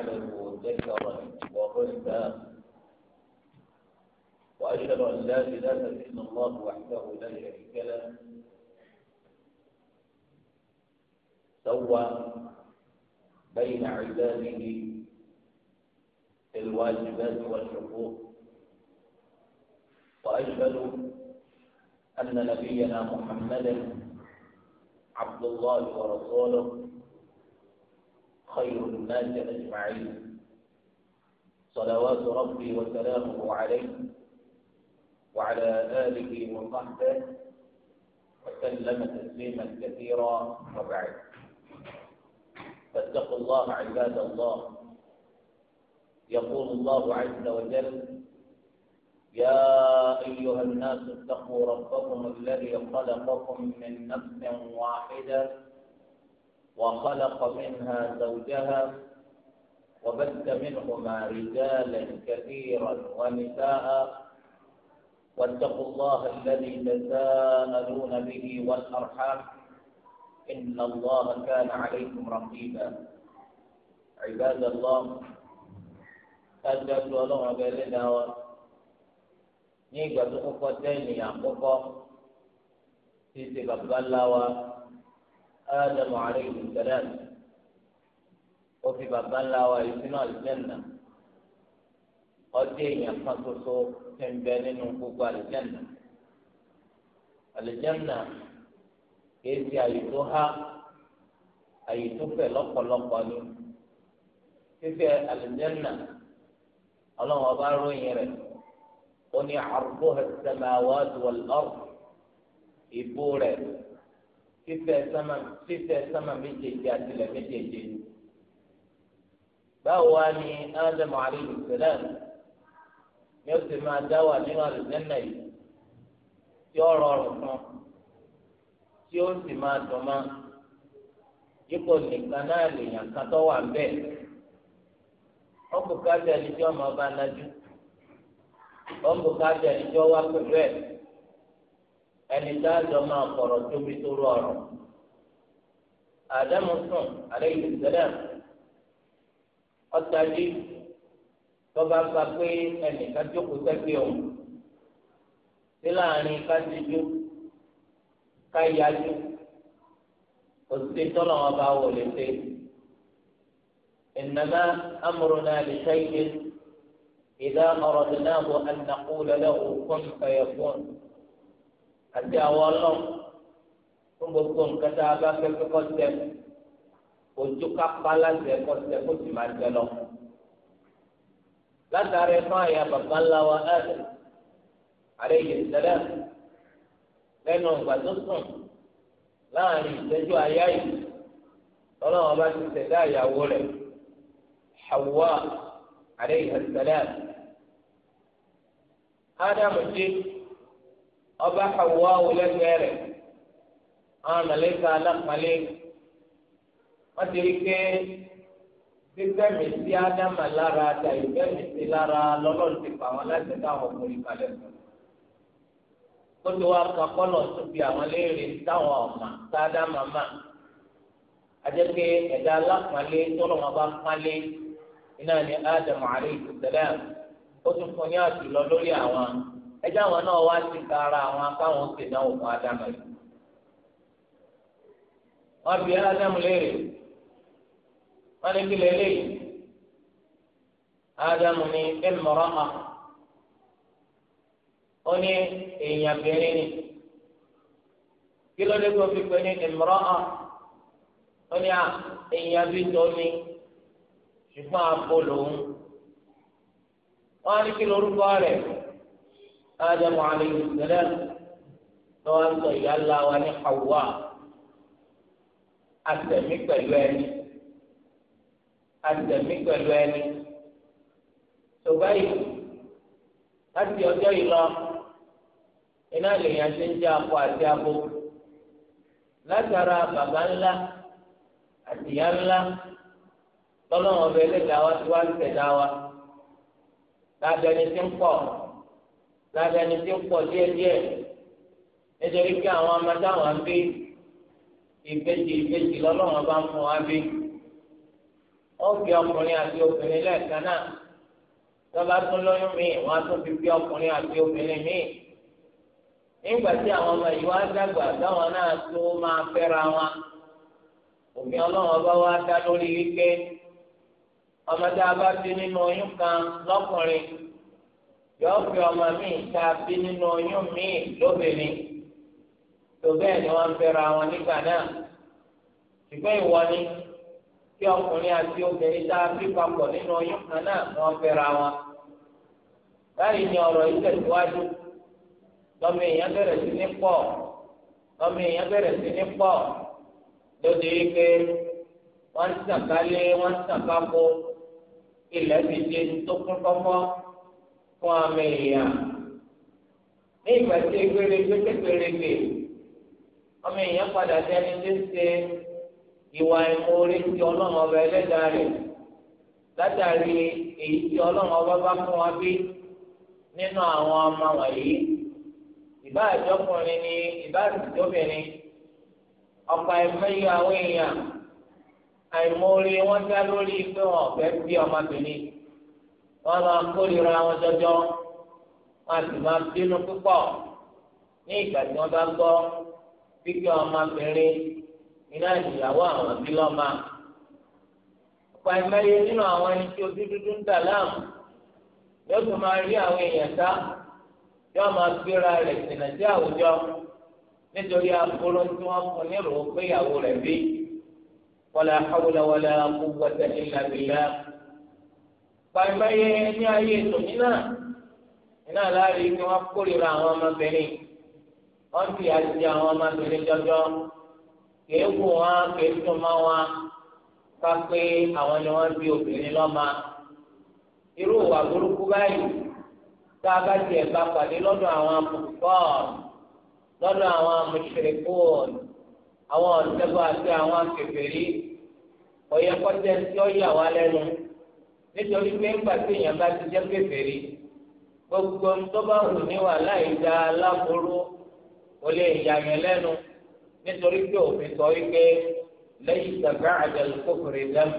جعله ذكرا وغلبا وأشهد أن لا إله إلا الله وحده لا شريك له سوى بين عباده الواجبات والحقوق وأشهد أن نبينا محمدا عبد الله ورسوله خير الناس أجمعين صلوات ربي وسلامه عليه وعلى آله وصحبه وسلم تسليما كثيرا وبعد فاتقوا الله عباد الله يقول الله عز وجل يا أيها الناس اتقوا ربكم الذي خلقكم من نفس واحدة وخلق منها زوجها وبث منهما رجالا كثيرا ونساء واتقوا الله الذي تساءلون به والأرحام إن الله كان عليكم رقيبا عباد الله اجلسوا لهم بيننا نيجا تقوى يا يا في سبب الله ádámù alayhi salam ó fi bàbá ńlá wa yìí sínú àlùjẹ́nà ọdẹ èèyàn kan ṣoṣo ti ń bẹ nínú gbogbo àlùjẹ́nà àlùjẹ́nà kìí ṣe àyè tó há àyè tó fẹ̀ lọ́pọ̀lọpọ̀ ni fífẹ̀ àlùjẹ́nà ọlọ́run ọba ròyìn rẹ̀ ó ní àrùbó ẹ̀sẹ̀ máa wá ju ọ̀rùn ìbú rẹ̀ fífẹ̀ sámà fífẹ̀ sámà méjèèjì àtìlẹ̀ méjèèjì báwo wá ní ádámù àríyìn sẹlẹm ni ó sì máa dá wà nínú àlùjẹ́nà yìí tí ó rọrùn fún tí ó sì máa dùn mọ́ ipò nìkan náà lèèyàn kan tó wà bẹ́ẹ̀ ọkùnrin kájà ni tí ọmọ bá nájú ọkùnrin kájà ni tí ó wá pẹ̀lú ẹ̀ ẹni tá a jọ máa kọ̀rọ̀ tóbi tó rọ ọ̀rọ̀ àdámù sùn alayhi salam ọ̀tàjì tọ́ba gba pé ẹnìkan jókòó sẹ́gbẹ̀ẹ́ òun sí láàrin kájíjú káyájú òsì tọ́lọ̀ wọn bá wọlé sí إنما أمرنا لشيء إذا أردناه أن نقول له كن فيكون àti àwọn ọlọ́run fún gbogbo nǹkan tá a bá fẹ́ kọ́kọ́ tẹ ojú kápá láti ẹ̀kọ́ tẹ kó sì máa tẹ lọ. látàrí fún àyà bàbá ńlá wa ẹ̀rẹ̀ àríyè sẹ́lẹ̀ lẹ́nu ìgbà tó sùn láàrin ìtẹ́jú àyà yìí lọ́lọ́wọ́n bá ti tẹ̀lé àyàwó rẹ̀ Hawa àríyè sẹ́lẹ̀ ádámù jẹ́ ọba Hawa lẹ́gbẹ̀ẹ́ rẹ̀ àwọn mẹlẹ́ka alápalẹ́ wọ́n ti rí pé fífẹ́mi sí ádámà lára àtà ìfẹ́mi sí lára lọ́lọ́run ti pa àwọn aláṣẹ táwọn ọkùnrin kalẹ̀ sọ. ó ti wá kan kọ́nà tó fi àwọn léèrè táwọn ọ̀mà sáádámà mà. ajẹ́pẹ́ ẹ̀dá alápalẹ́ tọ́lọ̀ wọn bá pálẹ́ iná ni ádámù alayhi salam fún ní àtìlọ́ lórí àwọn ẹjọ́ àwọn náà wá sí kára àwọn akáwọn òkè náà wò fún ádámù yìí wọ́n bí ádámù léèrè wọ́n ní kílẹ̀ léyìí ádámù ní ẹ̀mọ́rọ́ mà ó ní èèyàn bẹ̀rẹ̀ ni kí ló dé tó fi pé ní ẹ̀mọ́rọ́ ó ní èèyàn bí tó ní ṣùgbọ́n àpò lòun wọ́n á ní kí lórúkọ rẹ̀. آدم عليه السلام لو أنت يلا وأنا حواء أسمي كلواني أسمي كلواني سبعي láti ọjọ́ yìí lọ iná lèèyàn ti ń jẹ́ akọ àti abo látara bàbá ńlá àti ìyá ńlá lọ́lọ́wọ́n ọbẹ̀ ẹlẹ́dàá wa ti wá ń tẹ̀dá wa lábẹ́ni ti ń pọ̀. lábẹ́ ẹni tí ń pọ̀ díẹ̀díẹ̀ nítorí pé àwọn ọmọdé àwọn ìbejì ìbejì lọ́lọ́wọ́n bá ń fún wa bí ọ̀gbìn ọkùnrin àti obìnrin lẹ́ẹ̀kan náà tún wọ́n á tún fi bí ọkùnrin àti obìnrin nígbà tí àwọn ọmọ yìí wá dàgbà táwọn náà tún máa fẹ́ra wọn ọlọ́wọ́n bá wá dá lórí wípé ọmọdé abá yọ fi ọmọ míì ká bí nínú oyún míì lóbìnrin tó bẹ́ẹ̀ ni wọ́n ń fẹ́ra wọn nígbà náà ṣùgbọ́n ìwọ ni kí ọkùnrin àti obìnrin tá a bí papọ̀ nínú oyún kan náà ni wọ́n fẹ́ra wọn báyìí ni ọ̀rọ̀ yìí tẹ̀síwájú lọ́mọ èèyàn bẹ̀rẹ̀ sí ní pọ̀ lọ́mọ èèyàn bẹ̀rẹ̀ sí ní pọ̀ lóde wípé wọ́n ń sàkálé wọ́n ń sàkápó ilẹ̀ fi dé tó kún fọ́fọ́ fún àmì ìyá ní ìgbà tí egbèrègbè tẹgbèrègbè ọmọ èèyàn padà dẹni tó ṣe ìwà ìmoore ti ọlọ́run ọba ẹlẹ́dàá rẹ̀ látàrí èyí tí ọlọ́run ọba bá fún wa bí nínú àwọn ọmọ wọ̀nyí ìbá àjọkùnrin ni ìbá àtijọ́bìnrin ọ̀pọ̀ àìmọye àwọn èèyàn àìmoore wọ́n dá lórí pé wọn ò bí ọmọbìnrin wọn máa kórìíra wọn jọjọ wọn sì máa bínú púpọ̀ ní ìgbà tí wọn bá gbọ́ fíkẹ́ ọmọbìnrin iná ìyàwó àwọn bí lọ́mà ọ̀pọ̀ ìmẹ́yẹ nínú àwọn ẹni tí ojú dúdú ń dà láàmú yóò tún máa rí àwọn èèyàn sá yóò máa gbéra rẹ̀ sìnà sí àwùjọ nítorí akóró tí wọ́n fún ní pé ìyàwó rẹ̀ bí wala hawla wala quwwata illa billah pàmìmáyé ní ayé tòní náà iná láàrin kí wọ́n kórìíra àwọn ọmọbìnrin wọ́n ti àti àwọn ọmọbìnrin jọjọ kìí wù wọn kìí tún mọ́ wọn ká pé àwọn ni wọ́n bí obìnrin lọ́mọ irú ìwà burúkú báyìí tá a bá tiẹ̀ bá pàdé lọ́dọ̀ àwọn amúkọ́ọ̀nù lọ́dọ̀ àwọn amúṣerèkóònù àwọn ọ̀sẹ́gbọ́ àti àwọn akẹfẹ́rí ọ̀yẹ́kọ́tẹ́ tí ó yà wá lẹ́nu nítorí pé ńgbà tí èèyàn bá ti jẹ́ kèfèrí gbogbo ńtọ́ba hù níwà láì da aláboró kò lè yàyàn lẹ́nu nítorí pé òfin sọ wípé lẹ́yìn ìgbàgbọ́ àjẹlù kókòrè dẹ́mu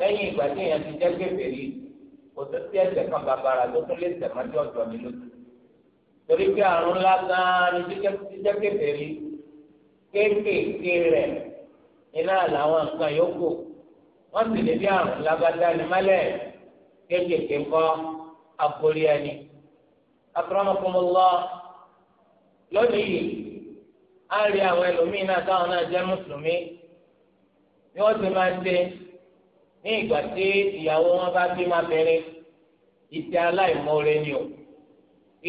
lẹ́yìn ìgbà tí èèyàn ti jẹ́ kèfèrí kò tó sí ẹ̀ṣẹ̀ kan bàbàrà tó tún lè tẹ̀ mọ́jọ́ ọ̀dọ́ mi lójú torí pé àrùn ńlá gan-an ni jíjẹ́ kèfèrí kéékèèké rẹ̀ iná làwọn nǹkan yòókù wọ́n sì lè bí àrùn lágbádá ni mọ́lẹ̀ kéékèèké ńkọ́ àkórí ẹni. akramakumullah lónìí yìí á rí àwọn ẹlòmíì náà táwọn náà jẹ́ mùsùlùmí ni wọ́n ti máa ń ṣe ní ìgbà tí ìyàwó wọn bá bí máa bẹ̀rẹ̀ ìtẹ́ aláìmoore ni o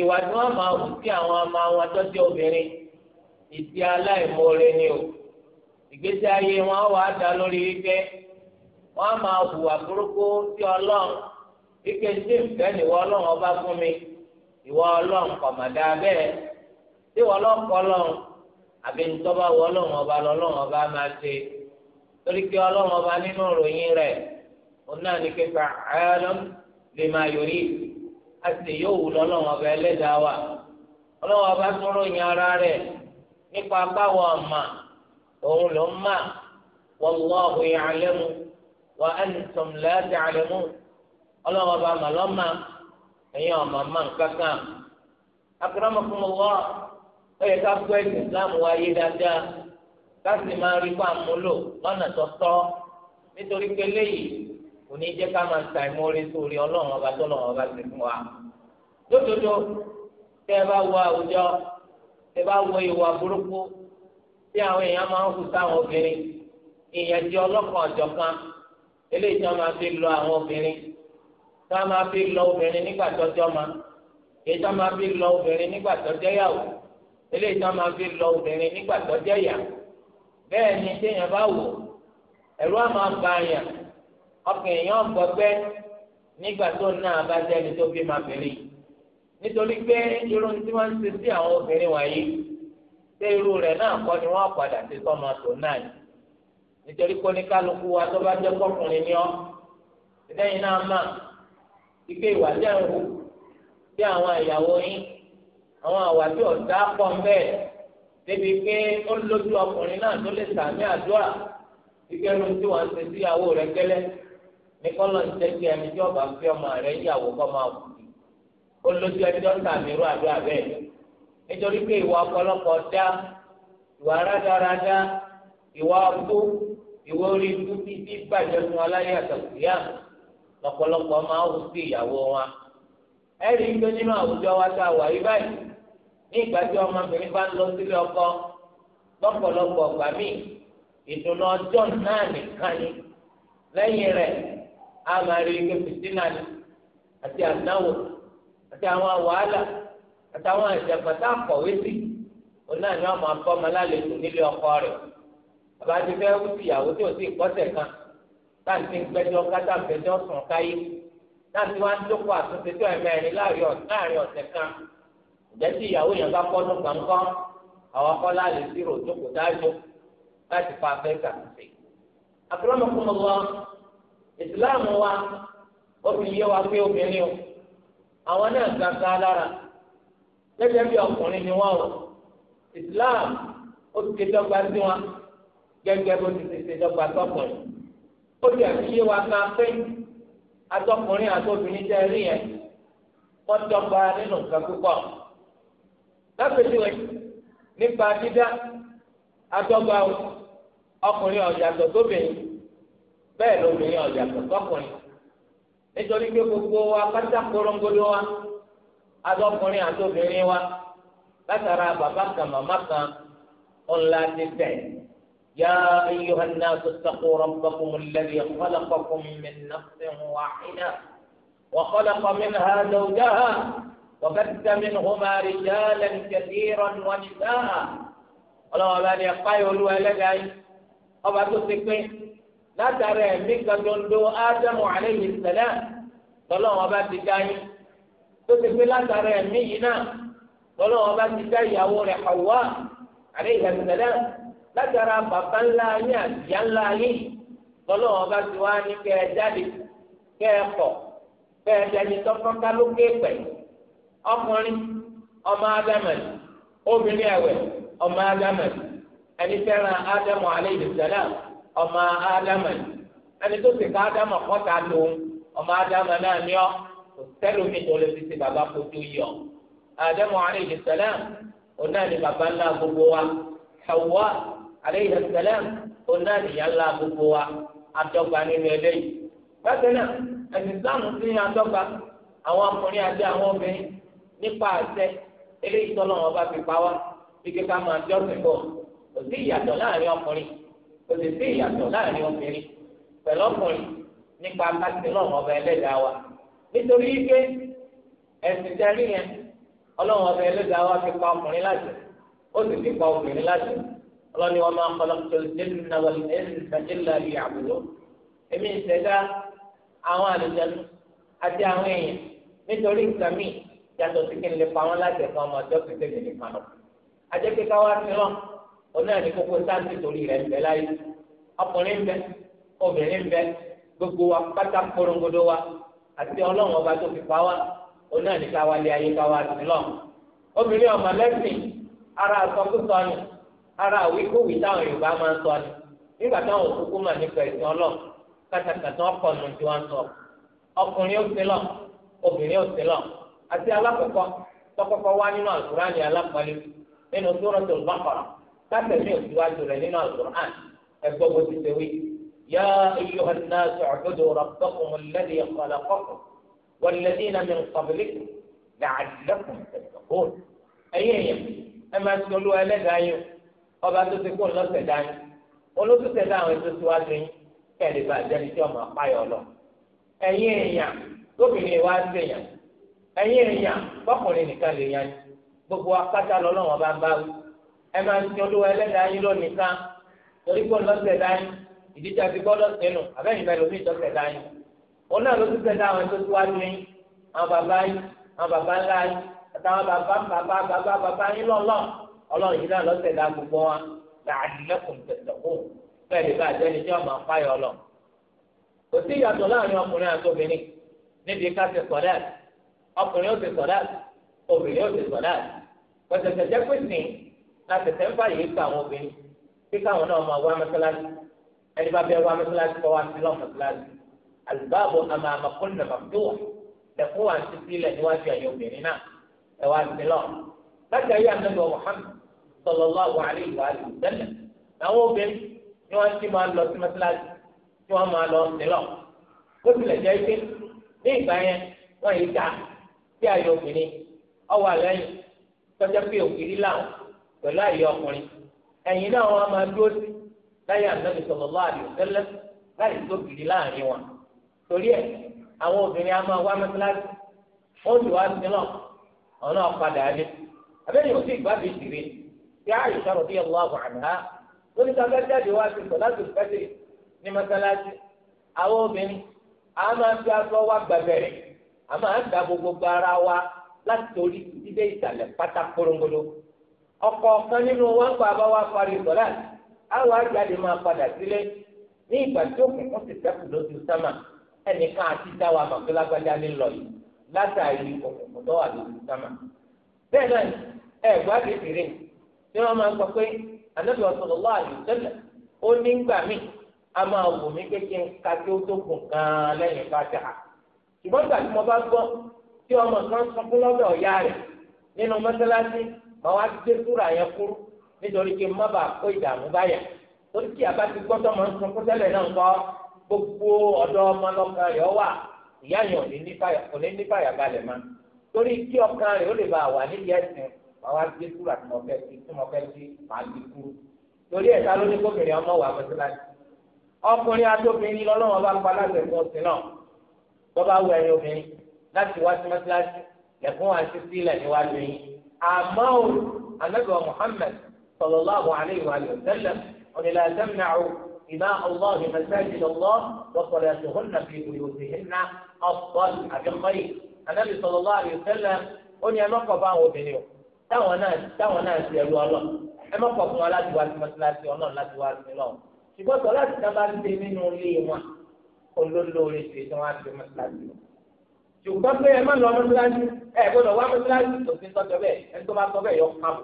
ìwà tí wọ́n máa hù sí àwọn ọmọ wọn tó jẹ́ obìnrin ìtẹ́ aláìmoore ni o ìgbésí ayé wọn wà á dá lórí wípé. Wa á máa hùwà burúkú sí ọlọ́run ike ń dín ìfẹ́ níwọ ọlọ́run ọba fún mi ìwọ ọlọ́run kọ̀mọ̀dá bẹ́ẹ̀ tí ìwọ ọlọ́run kọ́ ọlọ́run àbí ọba lọ́lọ́run ọba máa ṣe torí ọba nínú òun náà ní lè máa yòrí ọba wa ọba tún ròyìn ara nípa òun ló ń mà wa antum la ta'lamun ọlọ́run ọba màlọ́mà ẹ̀yin ọ̀mà má nǹkankan akramakumullah ó yẹ ká gbọ́ ẹ̀sìn islam wáyé dáadáa ká sì máa rí kó àmúlò lọ́nà tọ́tọ́ nítorí pé léyìí kò ní jẹ́ ká máa ta ìmúre sórí ọlọ́run ọba tó lọ́run ọba ti fún wa lódodo tẹ́ ẹ bá wo àwùjọ tẹ́ bá wo ìwà burúkú tí àwọn èèyàn máa ń hù sáwọn obìnrin ìyẹn ti ọlọ́kan ọ̀jọ̀kan eléyìí tí wọn máa fi lọ àwọn obìnrin tí wọn máa fi lọ obìnrin nígbà tó jọ ma èyí tí wọn máa fi lọ obìnrin nígbà tó jẹ yàwó eléyìí tí wọn máa fi lọ obìnrin nígbà tó jẹ yà bẹ́ẹ̀ ni téèyàn bá wò ẹ̀rù àmọ́ àbáyà ọkàn èèyàn gbọgbẹ́ nígbà tó náà bá jẹ́ni tó bí máa bẹ̀rẹ̀ nítorí pé irun tí wọ́n ń sí àwọn obìnrin wọ̀nyí pé irú rẹ̀ náà kọ́ ni wọ́n padà ti sọ́mọ náà yìí nítorí kó ní kálukú wa tó bá jẹ́ kọkùnrin ni ọ́ lẹ́yìn náà mà ike ìwà jẹ́ ń hù bí àwọn ìyàwó yín àwọn àwàdí ọ̀dà pọ̀ bẹ́ẹ̀ débi pé ó lójú ọkùnrin náà tó lè sàmì àdúrà ike ló ń tí wọ́n ṣe síyàwó rẹ̀ gẹ́lẹ́ ní kọ́lọ̀ ń jẹ́ kí ẹni tí ọba fi ọmọ rẹ̀ yàwó kọ́ máa wù ó lójú ẹni tó ń sàmì irú àdúrà bẹ́ẹ̀ nítorí pé ìwà ọ̀pọ̀lọpọ̀ dá ìwà rádaràdá ìwà ọkú ìwọ orí ikú bí bí bàjẹ́ fún aláyé àtàkùyà lọ́pọ̀lọpọ̀ máa ń sí ìyàwó wa. ẹ rí i pé nínú àwùjọ wa tá a wà yí báyìí ní ìgbà tí ọmọbìnrin bá ń lọ sílé ọkọ lọ́pọ̀lọpọ̀ ọ̀gbà míì ìdùnnú ọjọ́ náà nìkan ni lẹ́yìn rẹ̀ a máa rí ike fìtínà ni àti àdáwò àti àwọn wàhálà àtàwọn àjàgbàtà àkọ̀wé sí òun náà ni wọ́n máa fọ́ ọmọ lálejò nílé ọkọ rẹ̀ bàbá ti fẹ́ wú sí ìyàwó tí ò sí ìkọ́sẹ̀ kan táǹtí ń gbẹ́jọ́ kátà gbẹ́jọ́ sùn káyé táǹtí wá ń dókòó àtúnṣe tó ẹ̀mẹ́rin láàrin ọ̀sẹ̀ kan ìjẹ́ tí ìyàwó yẹn bá kọ́ nípa ńkọ́ àwọn akọ́lá lè sírò jókòó dájú láti fa afẹ́ sàtúnṣe. àkúrọ́mọkùnrin wa ìsìláàmù wa ó fi yé wa pé obìnrin o àwọn náà gbàgbà lára lẹ́gbẹ̀ẹ́ bí ọkùnrin ni wọ́n o ìsìláàmù ó ti ké gẹ́gẹ́ bó ti ṣe ṣe dọ́gba tọkùnrin ó ti àti yé wa ká pé atọkùnrin àtọbìnrin tẹ rí yẹn wọ́n dọ́gba nínú nǹkan púpọ̀ lápẹjùwe nípa dídá adọ́gba ọkùnrin ọ̀yàtọ̀ tóbìnrin bẹ́ẹ̀ lóbìnrin ọ̀yàtọ̀ tọkùnrin nítorí pé gbogbo wa pátá korongodo wa adọ́kùnrin àtọbìnrin wa látara bàbá kan màmá kan ńlá ti tẹ̀. يا أيها الناس اتقوا ربكم الذي خلقكم من نفس واحدة وخلق منها زوجها وبث منهما رجالا كثيرا ونساء ọlọ́wọ́ bá ní ẹ̀ka ìolú ẹlẹ́dàá yìí ọba tó ti pín látara ẹ̀mí gbàdọ̀ndọ̀ ádámù àlẹ́yìn sẹ́lẹ̀ lọ́lọ́wọ́ bá ti dá yìí tó ti pín látara ẹ̀mí yìí náà lọ́lọ́wọ́ bá ti dá ìyàwó rẹ̀ Hawa àlẹ́yìn sẹ́lẹ̀ látara bàbá ńlá yín àti ìyá ńlá yín lọ́lọ́wọ́n bá ti wá ní kẹ́ ẹ jáde kẹ́ ẹ pọ̀ kẹ́ ẹ jáde tọ́kọ́ká lókè pẹ̀ ọkùnrin ọmọ ádámẹ̀lì obìnrin ẹ̀wẹ̀ ọmọ ádámẹ̀lì ẹni fẹ́ràn ádámù alayhi salam ọmọ ádámẹ̀lì ẹni tó sì ká ádámù kọ́ta lòun ọmọ ádámù náà ní ọ kò sẹ́lómi tó lè fi ti bàbá fojú yọ ádámù alayhi salam òun ni bàbá ńlá gbogbo wa Hawa alayhi salam ọ̀nà ìyá ńlá gbogbo wa àtọ́gba nínú eléyìí. bákan náà ẹ̀sìn ìsìláàmù sí àtọ́gba àwọn ọkùnrin àti àwọn obìnrin nípa àṣẹ eléyìí tọ́lọ́ wọn bá fi pa wá bí kíkà máa jọ́sìn bọ̀ kò sí ìyàtọ̀ láàrin ọkùnrin kò sì sí ìyàtọ̀ láàrin obìnrin pẹ̀lú ọkùnrin nípa kásìn náà ọba ẹlẹ́dàá wa nítorí pé ẹ̀sìn tẹ́rí yẹn ọlọ́run ọba ẹlẹ́dàá wa fi pa ọkùnrin láti ó sì fi pa obìnrin láti ọlọ́ni wọn máa ń kọ́lọ́ tó lẹ́nu náà wọlé ẹ̀sìn ìsàkílà rí àbúrò èmi ń ṣẹ̀dá àwọn àlùjànnú àti àwọn èèyàn nítorí nǹkan míì yàtọ̀ sí kí n lè pa wọn láti ẹ̀ka ọmọ ọjọ́ pété mi nìkan lọ. ajẹ́pẹ́ káwá ti rán oní ẹ̀ní kókó sáǹtì torí rẹ̀ ń bẹ láyé ọkùnrin ń bẹ obìnrin ń bẹ gbogbo wa pátá korongodo wa àti ọlọ́run ọba tó fi pa wá oní ẹ̀ní káwá lé ayé káwá ti lọ. obìnrin ọmọ lẹ́sìn ara àsọkúsọ ni ara àwíkúwì táwọn yorùbá máa ń sọ ni nígbà táwọn òkúkú mà nípa ẹ̀sìn ọlọ́ kàtàkàtà ọkọ̀ nù tí wọ́n sọ ọkùnrin ó sí obìnrin ó sí àti alákọ̀ọ́kọ́ tọkọ́kọ́ wá nínú àlùkùránì alápọ̀lẹ́ nínú Suratul Baqara kátẹ̀mí òsíwájú rẹ̀ nínú àlùkùránì ẹ̀gbọ́ bó ti ṣe wí. yá ayyuhan nasu u'budu rabbakum alladhi khalaqakum walladhina min qablikum la'allakum ọba tó ti kó lọ́sẹ̀ dání olóṣùṣẹ̀ dá àwọn ètò síwájú yín kẹ́lẹ́ bá jẹ́ni tí ọmọ apáyọ̀ lọ. ẹ̀yin èèyàn lóbìnrin wa ń sèyàn ẹ̀yin èèyàn bọ́kùnrin nìkan lè yan gbogbo apáta lọ́lọ́wọ́n bá ń bá wí. ẹ máa ń ti olúwa ẹlẹ́dàá yín lónìí kan torí kó lọ́sẹ̀ dání ìdíjà ti gbọ́ lọ́sẹ̀ nù àbẹ́yìn mẹ́rin omi ìtọ́sẹ̀ dání. òun náà lóṣùṣẹ̀ dá àwọn ètò síwájú yín àwọn bàbá yín àwọn bàbá ńlá yín àtàwọn bàbá bàbá bàbá bàbá yín lọ́lọ́ọ̀ ọlọ́run yìí náà lọ́sẹ̀ dá gbogbo wa làálẹ́kùn tẹ̀tẹ̀kù bẹ́ẹ̀ lè bá àjẹni tí wọ́n máa fáyọ̀ lọ. kò sí ìyàtọ̀ láàrin ọkùnrin àti obìnrin níbi ká ṣe sọ̀dáàt ọkùnrin ó ṣe sọ̀dáàt obìnrin ó ṣe sọ̀dáàt pẹ̀sẹ̀sẹ̀ jẹ́ pé sìn láti tẹ̀ ń fà yìí ká àwọn obìnrin kí káwọn náà máa wá mẹ́sálásí ẹni bá bẹ́ẹ̀ wá mẹ́sálásí kọ́ wá sí lọ́ọ̀ mẹ́sálásí àlùbáàbò àmà àmàkùnrin sallallahu alaihi wa sallam àwọn obìnrin ni wọ́n ti máa lọ sí mọ́sálásí tí wọ́n máa lọ sílọ̀ bó tilẹ̀ jẹ́ pé ní ìgbà yẹn wọ́n yìí ta sí àyè obìnrin ọwọ́ àlẹ́yìn tọ́jọ́ pé òkìrí làwọn pẹ̀lú àyè ọkùnrin ẹ̀yìn náà wọ́n máa dúró sí láyé ànábì sallallahu alaihi wa sallam láì tó kìrí láàrin wọn torí ẹ̀ àwọn obìnrin a máa wá mọ́sálásí wọ́n ti wá sílọ̀ ọ̀nà ọ̀padà adé àbẹ́yẹ̀ òsì ìgbàgbé ìdìrí ti àyíṣà rọ̀bí allahu anha lórí sábẹ́ jáde wá sí sọ̀láṣù fẹ́lẹ̀ ní mọ́sálásí àwọn obìnrin a máa fi aṣọ wa a gbogbo ara wa láti pátá korongodo kan nínú wọn wa parí àwọn máa padà ní ìgbà tí òkùnkùn ti sẹ́kù lójú sámà ẹnìkan àti táwa màgbélágbádá ní lọ yìí látàrí òkùnkùn tó wà sámà náà tí wọ́n máa ń sọ pé ànábì sallallahu alaihi wasallam ó ní gbà mí a máa wò mí pé kí n ka kí ó tó gùn gan-an lẹ́yìn fatiha ṣùgbọ́n gbà tí mo bá gbọ́ tí ọmọ kan sunkún lọ́dọ̀ ọ̀yá rẹ̀ nínú mọ́sálásí màá wá gbé súrà yẹn kúrú nítorí kí n má bàa kó ìdààmú báyà torí kí àbá ti gbọ́tọ̀ máa ń sunkún tẹ́lẹ̀ náà kọ́ gbogbo ọ̀dọ́ ọmọ lọ́kàn rẹ̀ wà ìyá yẹn ò ní nípa yàgbálẹ̀ má torí kí ọkàn rẹ̀ ó lè bá wà nídìí ẹ̀sìn wọn wá gbé kúrò àti mọ fẹ́ kí tí mo fẹ́ kí màá gbé kúrò torí ẹ̀ta ló ní kóbìnrin ọmọ wà mọ́sálásí ọkùnrin atóbìnrin lọ́lọ́wọ́n bá pa láti ẹ̀kọ́ sí náà tó bá wọ ẹ̀yìn obìnrin láti wá sí mọ́sálásí lẹ́kùn wá sí sílẹ̀ níwájú yín àmọ́ ò anábì wa Muhammad sallallahu alayhi wa sallam onílà sẹ́mìnàrú ìmá allah masajid allah wọ́pọ̀lẹ̀ àtúhùnà fi buyutihinna ọ̀pọ̀ àbẹ̀mọ́yì anábì sallallahu alayhi wa sallam ó táwọn náà táwọn náà ti ẹrú ọlọ ẹ má pọ̀ fún wa láti wá sí mọ́tíláṣí ọlọ́run láti wá sí lọ ṣùgbọ́n sọ láti dábàá ń dé nínú ilé wọn olólóore ṣe tí wọ́n á ti mọ́tíláṣí lọ ṣùgbọ́n pé ẹ má lọ mọ́tíláṣí ẹ gbọ́dọ̀ wá mọ́tíláṣí òfin tọ́jọ́ bẹ́ẹ̀ ẹni tó bá sọ bẹ́ẹ̀ yọ káàbù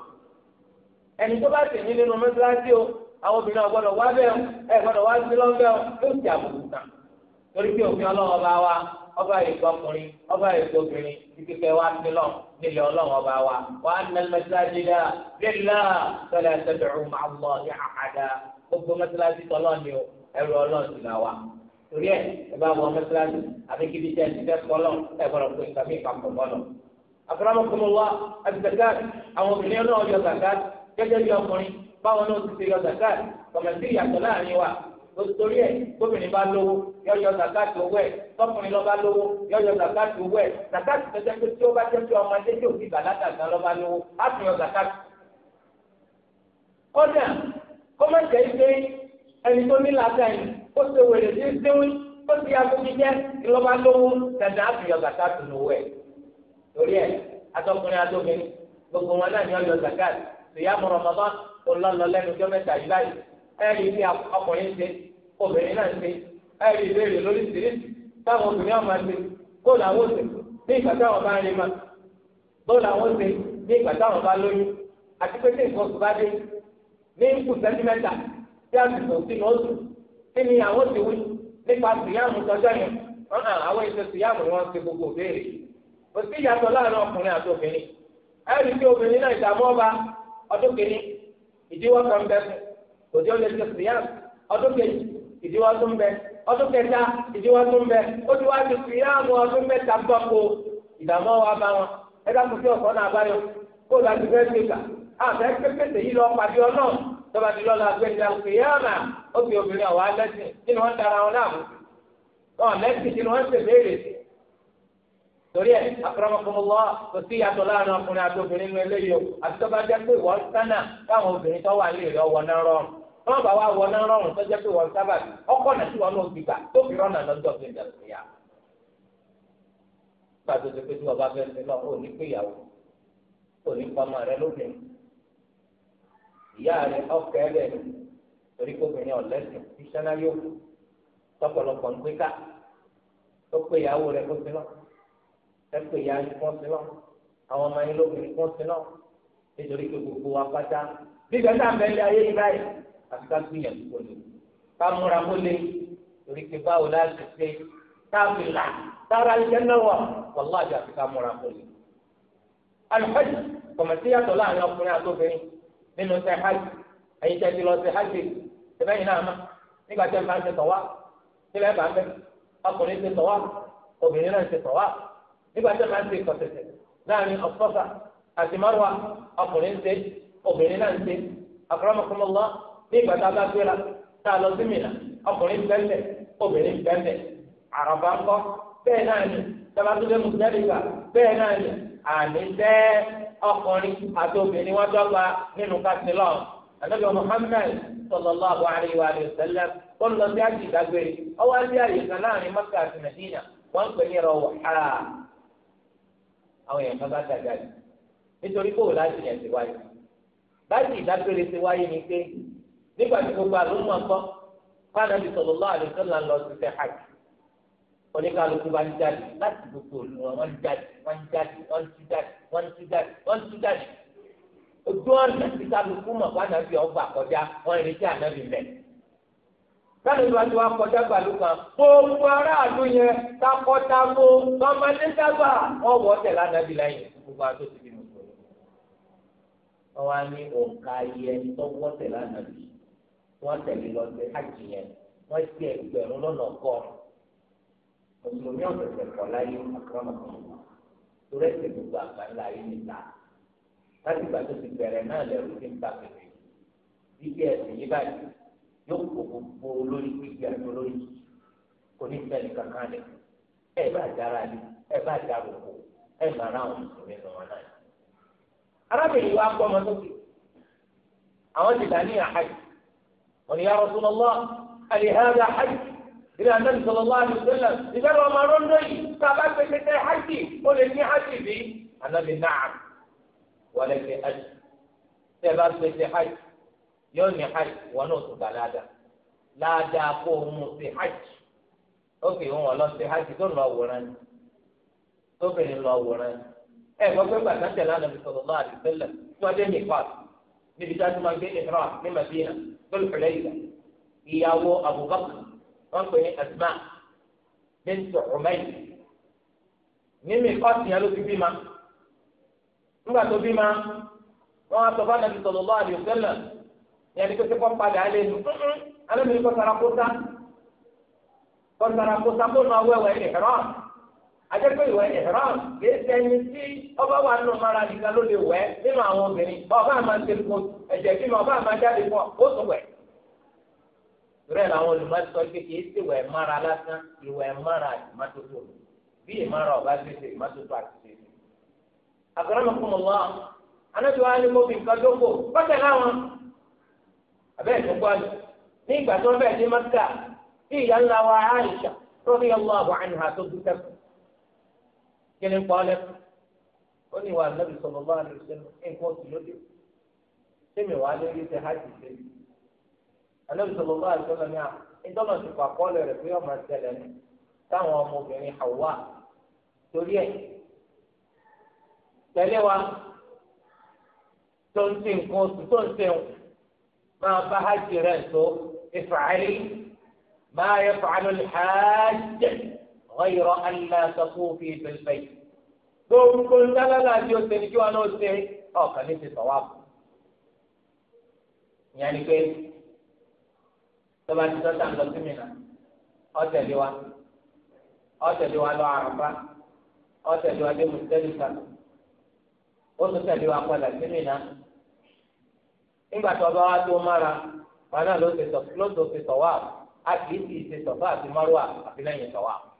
ẹni tó bá sì ní nínú mọ́tíláṣí o àwọn obìnrin ọgbọ́dọ̀ wá bẹ́ẹ̀ ẹ gbọ́dọ̀ wá sí lọ́bẹ̀ nílé ọlọ́run ọba wa wa annal masajida lillahi fala tad'u ma'a Allahi ahada gbogbo mẹsàlájì tọ́lọ́ ni o ẹrù ọlọ́run ti là wa torí ẹ ẹ bá wọ mẹsàlájì àbí kíbi tẹ ẹni tẹ kọ́ lọ́n ẹ gbọ́dọ̀ pé kàmí ìpapọ̀ bọ́lọ̀. akramakumullah az-zakat àwọn obìnrin náà yọ zakat gẹ́gẹ́ bí ọkùnrin báwọn náà ti ṣe yọ zakat kọ̀mẹ̀sì ìyàtọ̀ láàrin wa torí ẹ gómìnà bá lówó yọ yọ zakati owó ẹ tọkùnrin lọ bá lówó yọ yọ zakati owó ẹ zakati tó jẹ pé tí ó bá jẹ pé ọmọdé tí òbí bàlágà gan lọ bá lówó á tún yọ zakati. kọ́dà kọ́mọ̀tẹ́ ṣe ẹni tó ní làákà yìí ó ṣe wèrè sí síwí ó ti agogo jẹ ìlọba lówó dandan á tún yọ zakati lówó ẹ torí ẹ atọkùnrin atọkùnrin gbogbo wọn náà ni ọ zakati ṣèyá mọ Ramadan ó lọ ẹ̀rí ilé ọkùnrin ṣe obìnrin náà ṣe ẹ̀rí ìbéèrè lórí ṣe táwọn obìnrin ọmọ ṣe bóòlù àwọn ṣe ní ìgbà táwọn bá ma bóòlù àwọn ṣe ní ìgbà táwọn bá lóyún àti pé tí nǹkan bá dé ní sẹ́ńtímẹ́tà tí a sì sọ sínú oṣù kí ni àwọn ti wí nípa síyáàmù tọjọ́ yẹn ọ̀hán àwọn èso síyáàmù ni wọ́n ṣe gbogbo béèrè kò sí ìyàtọ̀ láàrin ọkùnrin àti obìnrin ẹ̀rí tí obìnrin náà ìdààmú ọba ọdún òjò lè ṣe sìyà ọdún kejì ìdíwọ́ tó ń bẹ ọdún kẹta ìdíwọ́ tó ń bẹ ó ti wá ti sìyà àwọn ọdún mẹ́ta gbọ́kọ ìdààmú wa bá wọn náà kó o láti fẹ́ ṣe kà àfẹ́ pépèsè yìí lọ pàdé ọ náà tọ́ba ti gbẹ̀dẹ̀ ó fi obìnrin o àti pé sánà wọn bá wa wọ náà rọrùn sọjọ pé wọn sábà bí ọkọ náà tí wọn náà fi gbà tó fi rọnà lọ́jọ́ fi dà ya pàtó tó pé tí wọn bá fẹẹ fi lọ òní pé ìyàwó òní pamọ́ rẹ lóde ìyá rẹ ọkọ ẹ lẹ torí kó obìnrin ọlẹsìn iṣẹ́ náà yóò tọ̀pọ̀lọpọ̀ ń gbé ká tó pé ìyàwó rẹ kó fi lọ ẹ pé ìyá rẹ kó fi lọ àwọn ọmọ yẹn lóbìnrin kó fi lọ nítorí pé gbogbo wa pátá bíbẹ náà bẹ ilé ayé yìí báyìí àti ká gbìyànjú kó lè ká múra kó lè torí pé báwo la ti ṣe táàbì là tára ìjẹ́ náà wà wàlá àti àti ká múra kó lè. alùpàdé kọ̀mọ̀tì yàtọ̀ láàrin ọkùnrin àtòbìnrin nínú ṣe hajj ẹ̀yin tẹ́ ti lọ ṣe hajj ìbẹ́yìn náà má nígbà tẹ́ bá ń ṣe tọ̀wá nílẹ̀ bá ń bẹ́ ọkùnrin ṣe tọ̀wá obìnrin náà ṣe tọ̀wá nígbà tẹ́ bá ń ṣe ìkọ̀sẹ̀sẹ̀ láàrin ọ̀sọ́fà àti márùwà ọkùnrin ṣe obìnrin náà ṣe akramakumullah ní ìgbà tá a bá gbéra tá a lọ sí mìíràn ọkùnrin bẹ́ẹ̀ obìnrin bẹ́ẹ̀ àràbà ńkọ́ bẹ́ẹ̀ náà ni tabatulẹ̀ mùsùlẹ́lìgbà bẹ́ẹ̀ náà ni àní tẹ́ ọkùnrin àti obìnrin wọn dọ́gba nínú kásìlọ́ ànábì Muhammad sallallahu alayhi wa sallam wọn lọ sí àjì ìdágbére ọwọ́ àti àyè kan láàrin Mẹ́kà àti Mẹ́dínà wọn ń pè ní ìrọ̀wọ̀ ha àwọn èèyàn bá dàgbà nítorí kó o láti yẹn ti wáyé láti ìdágbére ti wáyé ni pé nígbà tí gbogbo àlùmọ̀ kọ́ fáwọn ẹbí sọ̀rọ̀ lọ́wọ́ àdìsọ́ là ń lọ sí fẹ́ hajj oníkàlùkù bá ń jáde láti gbogbo òlu wọn wọn jáde wọn ń jáde wọn ń jáde wọn ń jáde wọn ń jáde ojú ọ̀nà tí kàlùkù mọ̀ fáwọn ẹbí ọgbà kọjá wọn ìrètí ànábì mẹ́. káàdì ìlú àti wa kọjá gbàlú kan gbogbo aráàlú yẹn takọtabo tọmọdé dábà wọn lánàbì lẹ́yìn gbogbo àtòsí bí mo sọ wọn wá ní òǹkà yẹn tọwọ́ tẹ̀ lánàbì wọ́n tẹ̀lé lọ sí hajj yẹn wọ́n ti ẹgbẹ̀rún lọ́nà kọ́ mùsùlùmí ọ̀sẹ̀sẹ̀ kọ̀ láyé àkọ́mọ̀kọ́ torí ẹ̀sẹ̀ gbogbo àgbáńlá yìí níta láti ìgbà tó ti bẹ̀rẹ̀ náà lẹ́rù ti ń ta bẹ̀rẹ̀ gbígbé ẹ̀sìn yìí báyìí yóò kó gbogbo olórí gbígbé àti olórí kò ní sẹ́ni kankan lẹ̀ ẹ bá dára lé ẹ bá dára òkú ẹ má ra àwọn mùsùlùmí lọ náà. arábìnrin wa gbọ́ ọmọ àwọn ti dà ní àhàjì قال يا رسول الله ألهذا حج إلى النبي صلى الله عليه وسلم إذا ما رندي فقد بكت حجي قل إني حجي بي النبي نعم ولك أجر إذا بكت حج يوم حج ونوت بلادا لا داقوهم في حج ókè wọn wọn lọ sí hajj tó lọ wòran ni tóbìnrin lọ wòran ni ẹ gbọ́ pé gbàgbọ́n tẹ̀lé àná bisọ̀rọ̀ lọ́wọ́ àdìsẹ́lẹ̀ tí wọ́n dé nìkan níbi tí a ti máa gbé ìhra ní Madina tóbi pẹ̀lẹ́ yìí ìyàwó Abubakar wọn pè ní Asma bint Umayr mímì kọ́ọ̀tì yẹn ló ti bímọ nígbà tó bímọ wọn wá sọ fún Ànábì sallallahu alaihi wasallam yẹn ni pété kọ́ padà á lé nu alẹ́ mi kọ́ sara kó sá kọ́ sara kó sá kó nu awẹ́wẹ́ ẹ̀rọ. ajẹ́pẹ́ ìwẹ̀ ìhram kìí sẹ́yìn tí ọba wà nínú mara nìkan ló lè wẹ̀ nínú àwọn obìnrin ọba àmà tẹlifon ẹ̀jẹ̀ bímọ ọba àmà jáde fún ọ tó wẹ̀. rẹ̀ làwọn olùmọ̀sọ pé kìí sí ìwẹ̀ mara lásán ìwẹ̀ mara ìmọ́tótó bí ọba ṣe ṣe ìmọ́tótó àti ṣe ṣe. fún mi wá anájú wa ni mo fi nǹkan dóko pọ́tẹ́ láwọn abẹ́ ìdókòwò ní ìgbà tó kíni ń pa ọ lẹ́kọ̀ọ́ ó ní ìwà ànábì sọ̀rọ̀ bá àlè ṣe nǹkan oṣù lóde tèmi wàá lórí ṣe hajj ṣe ànábì sọ̀rọ̀ bá àlè sọ̀rọ̀ ní à ìjọba ti pa kọ́ọ̀lẹ̀ rẹ̀ pé ọmọ ṣẹlẹ̀ ní táwọn ọmọbìnrin Hawa torí ẹ̀ tẹ̀lé wa tó ń ṣe nǹkan oṣù tó ń ṣe máa bá hajj rẹ̀ tó ìfàáyé máa yẹ fàálù hajj. غير ألا تطوفي بالبيت قوم كل لا لا جو تنجو أنا أستي أو كان في يعني كيف طبعا تسأل عن لطمنا أتلوا أتلوا على عرفة أتلوا على مختلفة أتلوا على لطمنا إنك تضع تومارا فأنا لو تسأل لو تسأل صواب أكيد تسأل صواب مروا أكيد تسأل صواب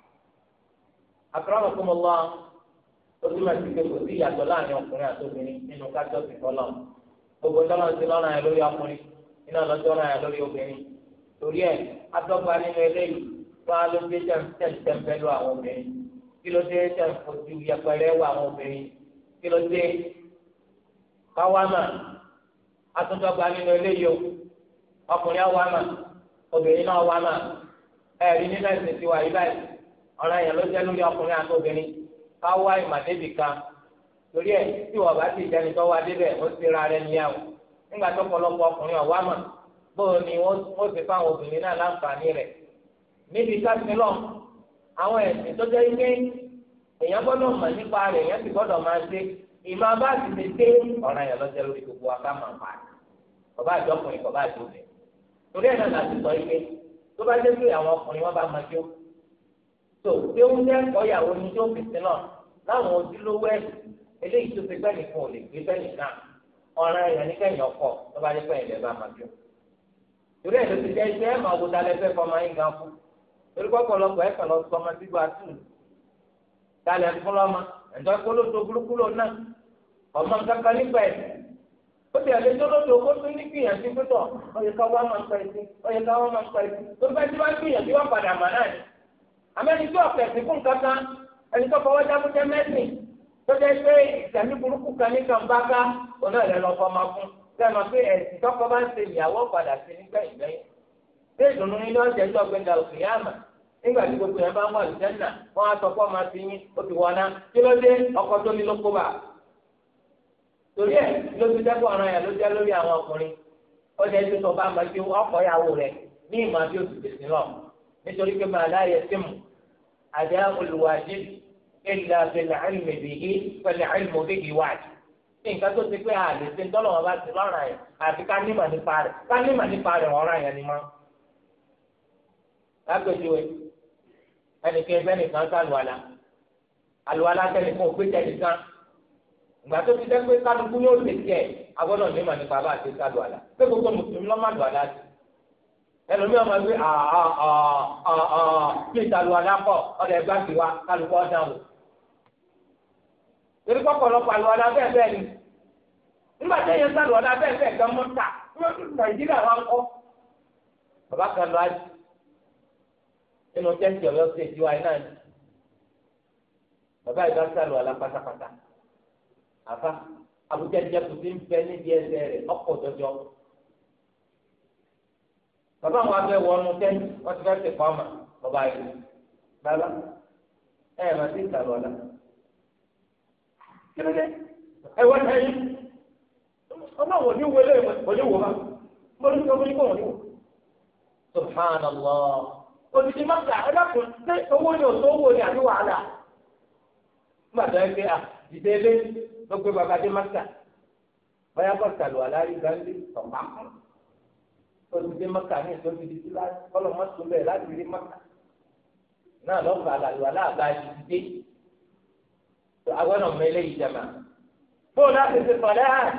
akramakumullah ó ti máa ti pé kò sí ìyàtọ̀ láàrin ọkùnrin àti obìnrin nínú kájọ́ sí fọlọ́ gbogbo tọ́lọ́ ti lọ́nà ẹ̀ lórí ọkùnrin iná lọ́jọ́ náà ẹ̀ lórí obìnrin torí ẹ̀ adọ́gba nínú eléyìí wọ́n á ló dé tẹ̀m̀tẹ̀m pẹ̀lú àwọn obìnrin kí ló dé tẹ̀m fojú yẹpẹrẹ wọ àwọn obìnrin kí ló dé káwámà atúndọ́gba nínú eléyìí o ọkùnrin àwámà obìnrin náà wámà ẹ̀rí nínú ẹ̀sìn tiwa yìí báyìí ọ̀ràn yẹn ló jẹ́ lórí ọkùnrin àti obìnrin ká wá ìmàdébì kan torí ẹ̀ tí wọ́n bá ti jẹni tó wá débẹ̀ ó ti ra rẹ níyà o nígbà tó pọ̀lọpọ̀ ọkùnrin ọ̀wá mọ̀ bóò ni wọ́n ti fáwọn obìnrin náà láǹfààní rẹ̀ níbi káfíń lọ àwọn ẹ̀sìn tó jẹ́ ilé èèyàn gbọ́dọ̀ mọ̀ nípa rẹ̀ èèyàn sì gbọ́dọ̀ máa ṣe ìmọ̀ bá ti lè dé ọ̀ràn yẹn lọ́jọ́ lórí gbogbo wa ká mọ̀ pa ọba àjọkùnrin kọba àjọbẹ̀ torí ẹ̀ náà láti sọ ilé tó bá dé pé àwọn ọkùnrin wọn bá máa jó so kéwú lẹ́kọ̀ọ́ ìyàwó ni tó fèsì náà láwọn ojúlówó ẹ̀ eléyìí tó fi bẹ́ẹ̀ nìkan ò lè gbé bẹ́ẹ̀ ọ̀ràn èèyàn ní kẹ́yìn ọkọ̀ tó bá dé pẹ́yìn lẹ́bàá máa jó torí ẹ̀ ló ti jẹ́ iṣẹ́ máa wo dalẹ́ fọmọ yín fún torí lọ dalẹ̀ ẹ̀dọ́ kólótó náà ọmọ kankan nípa ẹ̀ ó àmẹ́ni tí ọ̀fẹ́ sí fún kankan ẹni tó fọwọ́ jákújẹ́ mẹ́sìn tó jẹ́ pé ìsẹ̀mí burúkú kan ní kànbáká ọ̀nà rẹ̀ lọ fọmọ fún sẹ́nu pé ẹ̀sìn tọ́kọ bá ń ṣe ìyàwó padà sí nígbà ìgbẹ́yìn bí ìdùnnú nínú ọ̀jẹ̀ ní ọ̀gbẹ́ndà òkèèyàmà nígbà tí gbogbo yẹn bá ń wà lùjẹ́nà wọ́n á sọ fọ́ máa fi yín ó ti wọná kí ló dé ọkọ tó ní ló kó bá. torí ẹ̀ ló ti dẹ́kun ọ̀ràn yẹn ló jẹ́ lórí àwọn ọkùnrin ó jẹ́ tó sọ bá máa fi ọkọ̀ yàwó rẹ̀ ní ìmọ̀ àti òṣìṣẹ́ sílọ̀ nítorí pé màá láyé símù àdá olùwàjì ìlà bẹ̀lẹ̀ àìmì bìyí pẹ̀lẹ̀ àìmì bìyí wájú. nǹkan tó ti pé àlè ṣe ń tọ́lọ̀ wọn bá ti lọ́ra yẹn àti ká nímọ̀ nípa rẹ̀ ká nímọ̀ nípa rẹ̀ ọ̀ràn yẹn ni mọ́. lágbèjúwe ẹnìkan ẹgbẹ́ nìkan sálùwàlà àlùwàlà tẹnìkan òpé tẹnìkan ìgbà tó ti dẹ́gbẹ́ kálukú yóò lè jẹ́ agbọ́dọ̀ nímọ̀ nípa bá àti sálùwàlà ẹlòmíì ọmọ gbé pílì taluwa dápọ̀ ọ̀dọ̀ ẹgbà sí wa kálukọ́ dáhùn. torí pọ̀pọ̀lọpọ̀ àlùwà dá bẹ́ẹ̀ bẹ́ẹ̀ ni nígbà tí èèyàn sàlùwà dá bẹ́ẹ̀ bẹ́ẹ̀ gan mọ́ta nàìjíríà wa ń kọ́. bàbá kan lọ àjù nínú tẹ́ǹtì ọ̀yọ́ sí èjì wa iná ni bàbá ìgbà sàlùwà lá pátápátá àfa àbújá ìjẹ́kùtì ń bẹ níbi ẹsẹ̀ rẹ̀ ọkọ̀ jọjọ bàbá àwọn abẹ́ wọnú tẹ́ǹtì wọ́n ti fẹ́ ti kọ́ ọmọ bàbá yìí bàbá ẹ̀ ẹ̀ máa ti ìta lọ́la kí ló dé ẹ wọ́n ẹ̀ yín ọmọ wọn ní wọlé wọn ní wọ bá mo ní sọ fún yín kó wọn ní wọ. subhanallah òtítì máa ń ta ẹ dákun ṣé owó ni òtó owó ni àbí wàhálà gbàdá ẹ pé à dìde ilé ló gbé bàbá dé máa ń ta báyà kọ́ sàlùwà lárí gbàǹdé ọ̀pá kan. tó ti dé mọ́kà ní ìtọ́ di tí kọ́lọ̀ mọ́tò bẹ́ẹ̀ láti rí maka náà lọ́ọ́ fà lálùwà láàbá ti dé agbọ́dọ̀ mẹ́lẹ́ ìjàmà bó láti ṣe sọ̀lẹ́ hàn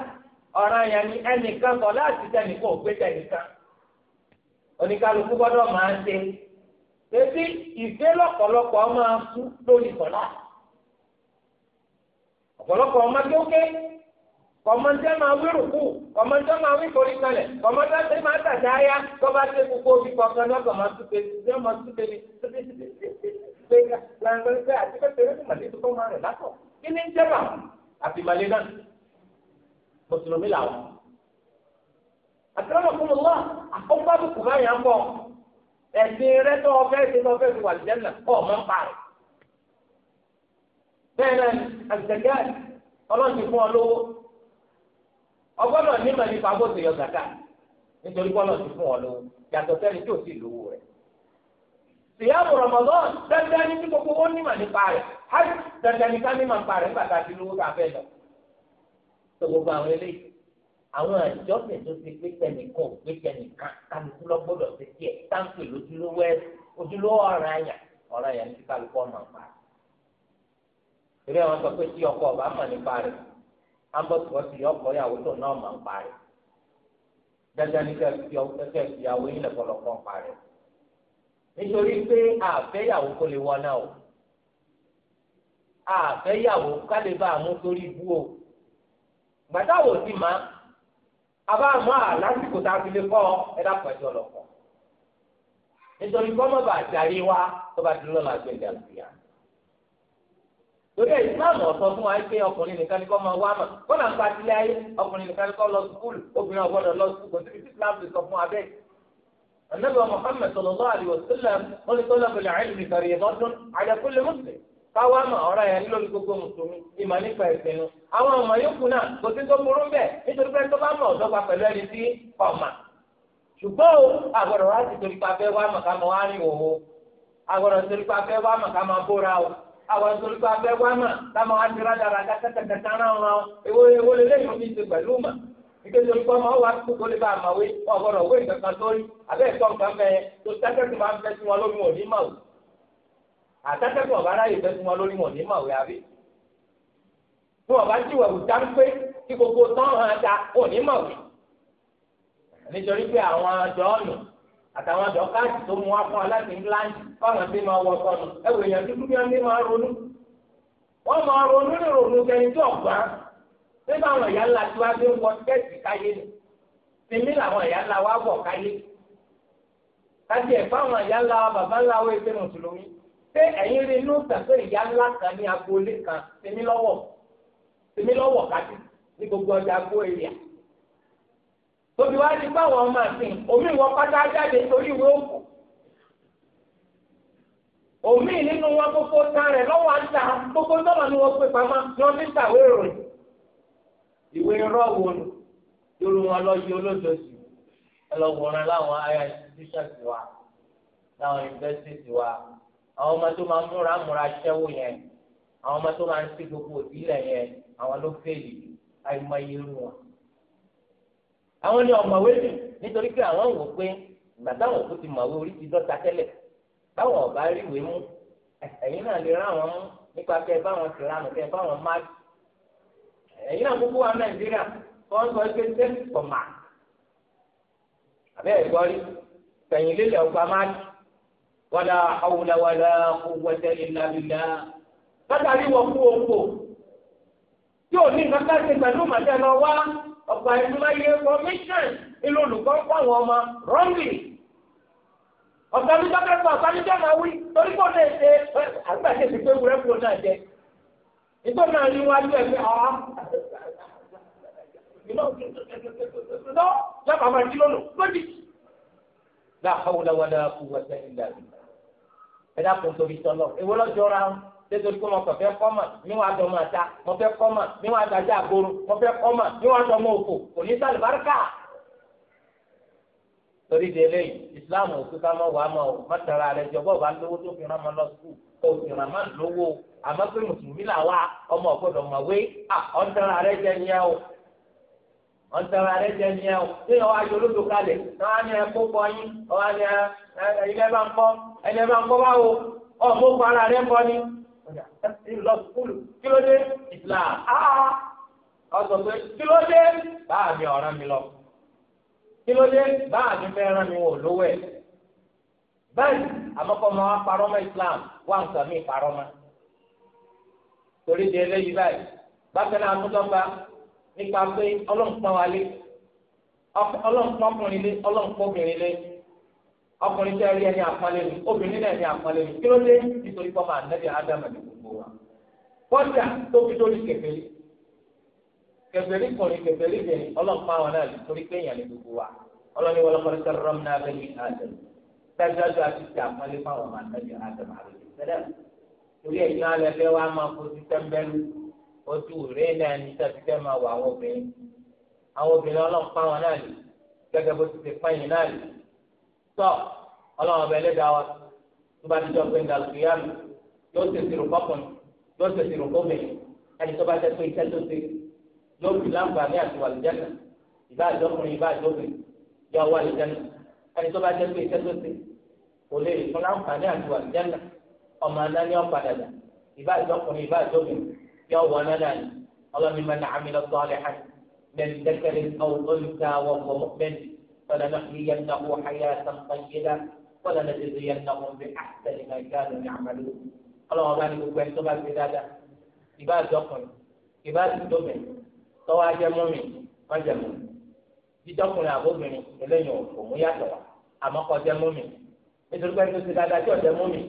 ọ̀ràn yẹn ni ẹnìkan láti tẹnìkan ò gbé tẹnìkan gbọ́dọ̀ máa ń ṣe ebi lọ́pọ̀lọpọ̀ máa kú lórí ọ̀pọ̀lọpọ̀ ọmọ kéwké. kọ̀mọ́ntẹ́ máa wí rùkú kọ̀mọ́ntẹ́ máa wí forí kalẹ̀ kọ̀mọ́ntẹ́ tẹ́ máa tàtà ayá tọ́ba tẹ́ gbogbo omi kọ̀ọ̀kan náà kọ̀mọ́ súpe ṣé mọ́ súpe ni ṣe langbẹ́rẹ́ pé àti pé pèrè fún màlẹ́ tuntun máa rẹ̀ látọ̀ kí ni ń jẹ́ bà àfi màlẹ́ náà mùsùlùmí làwọn. àtúrọ̀mọ̀ fún mi wá àkókò àbùkù báyà ń bọ̀ ẹ̀sìn rẹ tó ọfẹ́ ṣe tó ọfẹ́ fi wà lẹ́nà ọ̀ mọ́ pààrọ̀. bẹ́ẹ̀ náà àgbẹ̀gẹ́ ọlọ́run ti fún ọ lówó ọgbọ́dọ̀ nímọ̀ nípa bó ti yọ zaka nítorí bọ́lọ̀ ti fún ọ lówó yàtọ̀ sẹ́ni tí ò sì lówó rẹ̀. Sìyàmù Ramadan dandan ní kí gbogbo wọn nímọ̀ nípa rẹ̀ hajj dandan ní ká nímọ̀ nípa rẹ̀ nígbà tá a ti lówó tá a fẹ́ lọ. Sọ gbogbo àwọn eléyìí àwọn àjọsìn tó ti pé tẹnìkan ò pé tẹnìkan kálukú lọ́gbọ́dọ̀ ti tiẹ̀ táǹpì lójúlówó ẹ̀ ojúlówó ọ̀rọ̀ àyà ọ̀rọ̀ àyà ní kálukú ọ̀nà pa. Ìrẹ́ wọn sọ pé tí ọkọ ọba mọ̀ nípa rẹ̀ ambọ̀tìkọ́sì ọkọ̀ ìyàwó tó náà máa ń parí dandan ní kẹ́kẹ́ ìyàwó yín lẹ́kọ̀ọ́lọ́kọ́ ń parí nítorí pé àfẹ́yàwó kò lè wọ́n náà o àfẹ́yàwó kálíbà mú sórí ibú o gbàdáwò sì máa abáàmọ́ àlásìkò tá a fi lè kọ́ ẹ dápọ̀ ẹjọ́ lọ́kọ̀ nítorí kọ́mọ́bà àjàrí wa tó bá ti lọ́la gbẹ̀dẹ̀ àgbìyànjú torí ẹ islam ọ̀sán fún wa pé ọkùnrin nìkan ni kọ́ máa wá mà kọ́nà ń patí láyé ọkùnrin nìkan ni kọ́ lọ sukúlù obìnrin ọ̀gbọ́dọ̀ lọ sukúlù kò síbi tí sọ fún wa bẹ́ẹ̀. النبي محمد صلى الله عليه وسلم قال طلب العلم فريضة على كل مسلم káwá mà ọ̀rọ̀ yẹn lórí gbogbo mùsùlùmí ìmọ̀ nípa ẹ̀sìn nu àwọn ọmọ yòókù náà kò sí tó burú bẹ́ẹ̀ nítorí pé tó bá mọ̀ ọ̀dọ́ pa pẹ̀lú ẹni tí ọ̀mà ṣùgbọ́n o àgbọ̀dọ̀ wá sí torí pa wá mà ká mọ wá rìn òwò àgbọ̀dọ̀ torí pa wá mà ká máa bóra o àwọn nítorí pé abẹ́ wá mà táwọn á ti rádára kátàkátà náà wọn èwo èwo lè lẹ́yìn omi ti pẹ̀lú mà nítorí pé ọmọ wa kókó lè bá a màwé ọgbọ́dọ̀ owó ìkankan sórí abẹ́ ìtọ́ nǹkan bẹ́ẹ̀ tó sákẹ́tì máa ń fẹ́ sí wọn lórí wọn ò ní mà wò àtàkẹ́tì ọ̀bá ráyè fẹ́ sí wọn lórí wọn ò ní mà wò àbí. fún ọ̀bá tí ìwà òjá ń pé kí gbogbo tán hàn ta ò ní mà wò nítorí pé àwọn àjọ ọ̀nà àtàwọn dọ́kàtì tó mú wá fún aláàfin láńtì fáwọn tí máa wọ sọnù ẹwù èèyàn dúdú bí wọn ní máa ronú wọn máa ronú ní ronú kẹni tí ọgbà nígbà àwọn ìyá ńlá tí wá dé wọ tẹ́sì káyé ni tèmi làwọn ìyá ńlá wa bọ̀ káyé kájí ẹ̀ fáwọn ìyá ńlá wa bàbá ńlá wa ètè mùsùlùmí pé ẹ̀yin rí inú gbàgbé ìyá ńlá kan ní agboolé kan tèmi lọ́wọ́ tèmi lọ́wọ́ kájí ní gbogbo ọjà agbó èrìà tóbi wá ní báwọn ọmọ àsìn omi ìwọ pátá jáde torí ìwé òkú omi nínú wọn gbogbo tán rẹ lọ́wọ́ àjà gbogbo tọrọ ni wọn pè pamọ́ ni wọn fi tàwé ìròyìn ìwé irọ́ wo ni irú wọn lọ yí olódòsì ẹlọgbọràn láwọn aya institutions wa láwọn universities wa àwọn ọmọ tó máa ń múra múra ṣẹ́wó yẹn àwọn ọmọ tó máa ń sí gbogbo òbí rẹ̀ yẹn àwọn ló fèlè àìmọye irú wọn. àwọn ní ọ̀mọ̀wé jù nítorí pé àwọn wò pé ìgbà táwọn òkú ti mọ̀wé orí ti dọ́ta tẹ́lẹ̀ táwọn ọ̀bá rí ìwé mú ẹ̀yin náà lè rán àwọn mú nípa kẹ báwọn ti ránù kẹ́ báwọn má ẹ̀yin náà gbogbo wa Nàìjíríà wọ́n sọ pé tẹ́lẹ̀ pọ̀ mà àbẹ́ ẹ̀gbọ́n rí lélẹ̀ ọgbà má ọ̀pọ̀ àìsíláyé information ilé olùkọ́ ń kọ́ àwọn ọmọ wrongly ọ̀sán ní dọ́kẹ́tọ̀ ọ̀sán ní dọ́kẹ́tọ̀ wí torí kò lè ṣe àgbàṣe ti pé wúrẹ́ fúlọ náà jẹ nítorí náà ní wájú ẹ̀ pé ọ̀ lọ lọ́kàn máa jí lónìí lójì. láàbù làwọn ará kú wọ́n sẹ́yìn dàbí ẹ̀dá kò tóbi tọ́lọ̀ èwo lọ́jọ́ ra wọn tẹ́tọ́rí pé mo kàn fẹ́ kọ́ mà ní wàá dọ́ máa ta mo fẹ́ kọ́ mà ní wàá dájà àgoro mo fẹ́ kọ́ mà ní wàá dọ́ máa òfò kò ní sálì báríkà. torí de eléyìí islam ò fi ká mọ wàá mọ o má tẹ̀ra rẹ jọ bọ́ọ̀ bá lówó tó fi rán mọ lọ sùkúù tó fi rán mọ lówó àmọ́ pé mùsùlùmí là wá ọmọ ọ̀gbọ́dọ̀ mọ̀ wé à rẹ jẹ ní ẹ o ọ̀ ń tẹ̀ra o ní ọwọ́ ayé olódò kalẹ̀ náà ni ẹ kó pọ̀ yín ọwọ́ ni ẹ ẹsìn lọ ah, kí ló dé islam ah, ah. ọsọ pé kí ló dé báà mi ọ̀ràn mi lọ kí ló dé báà mi fẹ́ràn mi wò lówó ẹ̀ báyìí àmọ́kọ́mọ wa parọ́ mọ́ islam wà nǹkan mi parọ́ mọ́ torí di eléyìí báyìí bákan náà amúdọ́gba nípa pé ọlọ́nkpọ́n wa lé ọlọ́nkpọ́n ọkùnrin lé ọlọ́nkpọ́n obìnrin lé ọkùnrin tẹ́ rí ẹni àpọ́nlé ni obìnrin náà ní àpọ́nlé ni kí ló dé nítorí pọ́ máa nẹ́bí ádámà ní gbogbo wa. kọ́ńtà tó fi dórí kẹfẹ́rí kẹfẹ́rí kùnrin kẹfẹ́rí bẹ̀rẹ̀ ọlọ́pàá wọn náà torí pé èèyàn ní gbogbo wa ọlọ́ni wọn lọ́kọ́ tẹ́ rọ́m náà bẹ́ẹ̀ ní ádámà dájúdájú àti ti àpọ́nlé fáwọn máa nẹ́bí ádámà rẹ̀ sẹ́dẹ̀ torí ẹ̀yin alẹ́ fẹ́ wá máa fojú tẹ́ḿbẹ́lú ojú rẹ̀ náà ní sẹ́fí tọ́ ọlọ́run ọbẹ̀ ẹlẹ́dàá wa tó bá dídọ́ pé nga lùkìyà mi yóò tètè rò kọ́kùn yóò tètè rò kọ́mẹ̀ ẹni tó bá jẹ́ pé iṣẹ́ tó ṣe yóò fi láǹfààní àti wà lùjẹ́nà ìbá àjọkùnrin ìbá àjọkùnrin yóò wà lùjẹ́nà ẹni tó bá jẹ́ pé iṣẹ́ tó ṣe kò lè fún láǹfààní àti wà lùjẹ́nà ọmọ anáni ọ̀padà dà ìbá àjọkùnrin ìbá àjọkùnrin yóò wọ ọlọ́ni mẹ́ta فلنحيينه حياة طيبة ولنجزينهم بأحسن ما كانوا يعملون اللهم بارك وكويس تبع البلاد عباد دقن عباد دمن تواجه مؤمن ما جمون dídọ́kùnrin àbóbìnrin eléyìí òmù yàtọ̀ wa àmọ́ kò jẹ́ mọ́mì nítorí pé nítorí dáadáa tí ọ̀jẹ̀ mọ́mì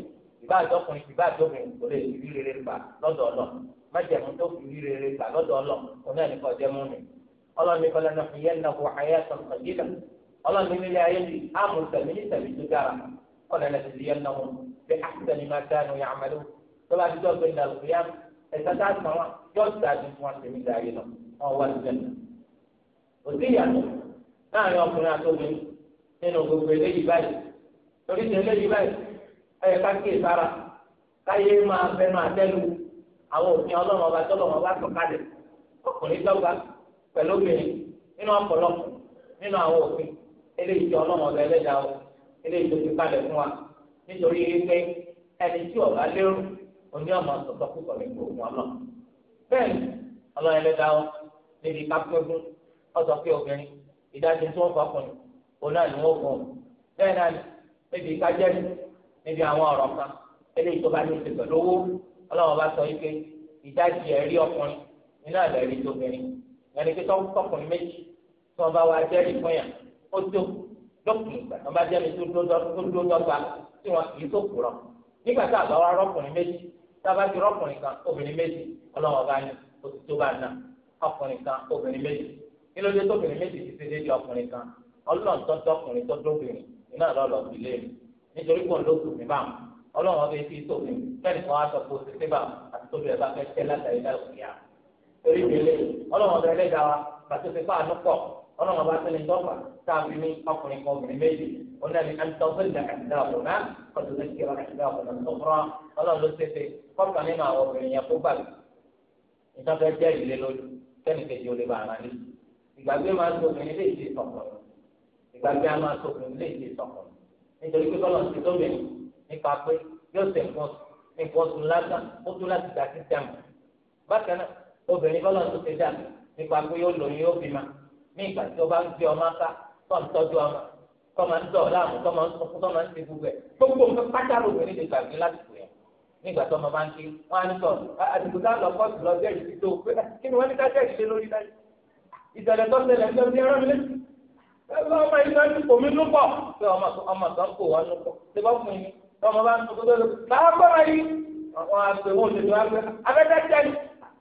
ìbá àdọ́kùnrin ìbá àdọ́kùnrin kò lè fi rere gbà lọ́dọ̀ ọlọ́ májẹ̀mú tó fi rere gbà lọ́dọ̀ ọlọ́ òun náà ní kò jẹ́ mọ́mì ọlọ́ni kọ́lá náà fi yẹn náà wọ ayé àtọ̀ ọlọ́run nílé ayé mi àmọ̀ tẹ̀mí ní tẹ̀mí tó dára ọ̀nà ẹ̀lẹ́sì ti yẹn náà bí àtẹ̀ni máa dánu yà àmàlú tó bá ti dọ́gbẹ́ ní àlùkò yá ẹ̀sẹ̀ tá a sàn wọn yóò ti dájú fún wọn tẹ̀mí dáyé lọ wọn wá ti dẹ́nu. òsì ìyàtọ̀ láàrin ọkùnrin àtọ́gbẹ́ nínú gbogbo eléyìí báyìí torí ti eléyìí báyìí ẹ̀yẹ ká kí káyé máa fẹnu àtẹ́lu àwọn òfin ọlọ́run ọba tọ́lọ́run ọkùnrin dọ́gba pẹ̀lú obìnrin nínú ọ̀pọ̀lọpọ̀ nínú àwọn òfin eléyìí tó ọlọ́mọ ọ̀dọ̀ ẹlẹ́dàá o eléyìí tó fi kalẹ̀ fún wa nítorí pé ẹni tí ọ̀gá lérò oní ọmọ sọ̀tọ̀ púpọ̀ ní gbogbo ọlọ́ bẹ́ẹ̀ ni ọlọ́run ẹlẹ́dàá o níbi kápẹ́gún ọ̀sọ̀ pé obìnrin ìdájọ́ tí wọ́n fọkùnrin òun náà ni wọ́n fọ bẹ́ẹ̀ náà ni níbi kájẹ́rì níbi àwọn ọ̀rọ̀ kan eléyìí tó bá ní oṣù pẹ̀lú owó ọlọ́run bá sọ ó tó lópin ìgbà tó bá jẹ́ mi tó dúró dọ́gba tí wọn kì í tó kúrọ̀ nígbà tá a bá wá rọ́kùnrin méjì tá a bá ti rọ́kùnrin kan obìnrin méjì ọlọ́wọ́ bá ní oṣù tó bá nà ọkùnrin kan obìnrin méjì kí ló dé tóbìnrin méjì ti ṣe déédéé ọkùnrin kan ọlọ́run tó tọkùnrin tó dóbìnrin iná lọ́lọ́ fi lé mi nítorí pọ̀ lóṣù mi bá wọn ọlọ́run ọbẹ̀ fi tóbi fẹ́ẹ̀ni kan á sọ pé oṣù tó bá àti tóbi ẹ̀ bá fẹ́ tẹ́ látàrí láì pàtó fipá ànúpọ̀ ọlọ́run ọba tó ní dọ́gba tá a fi ní ọkùnrin kan obìnrin méjì onáni àtọ́sílẹ̀ àtìdá ọ̀nà kọ́tù ní kíra àtìdá ọ̀nà tó kúrọ́ ọlọ́run ló ṣe ṣe kọ́kàn nínú àwọn obìnrin yẹn kó gbàgbé nǹkan fẹ́ jẹ́ ìlé lójú kẹ́ni kejì ó lè bá ara ní ìgbàgbé máa ń tóbìnrin lè ṣe sọ̀kọ̀ ìgbàgbé máa ń tóbìnrin lè ṣe sọ̀kọ̀ nítorí pé tọ́lọ̀ ti tóbìnrin nípa pé yóò ṣe nǹkan nǹkan nípa pé yóò lóyún yóò bímọ ní ìgbà tí o bá ń gbé ọmọ ká tó ń tọ́jú ọmọ tó máa ń dọ̀ láàmú tó máa ń sọkún tó máa ń ṣe gbogbo ẹ̀ gbogbo nǹkan pátárò obìnrin lè gbàgbé lásìkò yẹn nígbà tó ọmọ bá ń ké wọn á ní sọ àdìgbò tá a lọ kọ́ọ̀tù lọ jẹ́rìí sí tó pé kí ni wọ́n ní ká jẹ́rìí lé lórí dájú ìṣẹ̀lẹ̀ tó ṣẹlẹ̀ ní ọdún ẹran lé ọmọ yìí náà ti kò mí lúpọ̀ pé ọmọ ọmọ kan kò wọn lúpọ̀ ṣé bá fún yín tọmọ bá ń sọ pé báwọn bá yìí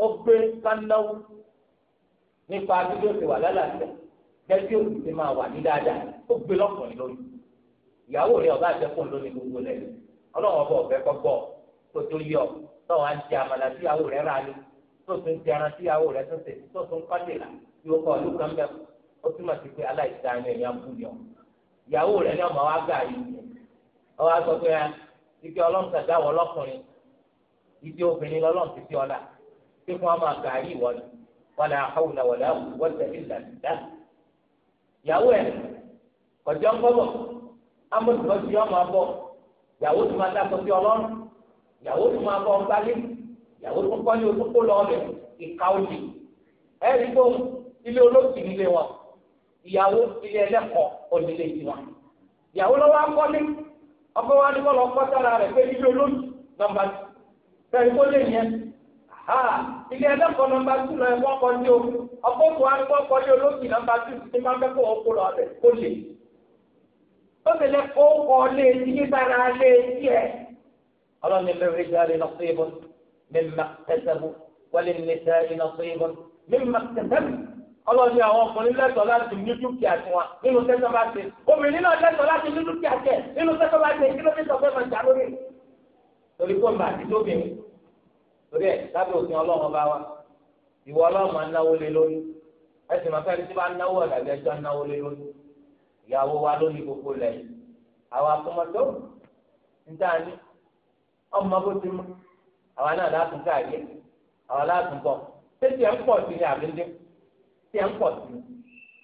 ó gbé kánáwó nípa bí ó ti wà lálàáfíà gẹ́gẹ́ òbí ti máa wà ní dáadáa ó gbé lọ́kùnrin lórí ìyàwó rẹ̀ ọba àjẹkùn lónìí gbogbo rẹ̀ ọlọ́wọ́n bọ̀ ọ̀fẹ́ kọ́kọ́ kó tó yọ tọ́wọ́ á ń jẹ àmàlà sí ìyàwó rẹ̀ rà ní tó tún jẹ ara sí ìyàwó rẹ̀ tó tẹ̀ tó tún kọ́lé là yóò kọ́ ọdún kan bẹ́ẹ̀ ó túmọ̀ sí pé aláìsàn ni ẹ̀yàn bú yọ ìyàwó rẹ̀ ní ọmọ wa gbà yìí ọwọ́ á sọ pé ike ọlọ́run tẹ̀dá wọ lọ́kùnrin ìdí obìnrin lọ́lọ́run ti fi ọ̀la pé kí wọ́n máa gàrí ìwọ ni wala hawla wala quwwata illa billah. ìyàwó ẹ̀ kọjọ́ ń bọ̀bọ̀ amúlùmọ́ ti ọmọ abọ́ ìyàwó tó máa dákọ̀ sí ọlọ́run ìyàwó tó máa bọ̀ ọgbálẹ̀ ìyàwó tó kọ́ ní ojú kó lọ ìka òjì ẹ̀rí tó ilé olóòtú nílé wọn ìyàwó ilé ẹlẹ́kọ̀ọ́ onílé tiwọn ìyàwó lọ́wọ́ akọ́lé ọkọ̀ wa ni wọ́n lọ sára rẹ̀ pé ilé olóòtú nọ́mbà tẹ̀síkó lè yẹn Ah, ilé ẹlẹ́kọ̀ọ́ nọmba tù lọ ẹ̀kọ́ kọjú o ọkọ̀ tó wá ẹ̀kọ́ kọjú olókì nọmba tù tí máa fẹ́ kó ọkọ̀ lọ rẹ̀ kó lè. ó sì lẹ kó kọ lé etí sára lé etí ẹ̀. ọlọ́ni mẹ́rin jẹ́ alẹ́ náà sóyè bọ́ mímà tẹ́sẹ̀bù wọlé nìṣẹ́ alẹ́ náà sóyè bọ́ mímà tẹ́sẹ̀bù. ọlọ́ni àwọn ọkùnrin lẹ́tọ̀ọ́ láti ní dúkìá tiwọn nínú tẹ́sán bá ṣe obìnrin náà lẹ́tọ̀ọ́ láti ní dúkìá tiẹ̀ nínú tẹ́sán bá ṣe kí ló dé sọ fẹ́ máa ṣàlórí. torí kó máa ti lóbìnrin torí ẹ̀ lábẹ́ òfin ọlọ́run bá wa ìwọ ọlọ́run máa náwó lé lórí ẹ sì máa fẹ́ni tí bá náwó ọ̀dà bí náwó lé lórí ìyàwó wa lónìí gbogbo lẹ́yìn àwa akọ́mọtò níta ni ọmọ bó ti mú àwa náà látún káàdì àwa látún bọ̀ ṣé tiẹ̀ ń pọ̀ sí ni àbí ń dín tiẹ̀ ń pọ̀ sí ni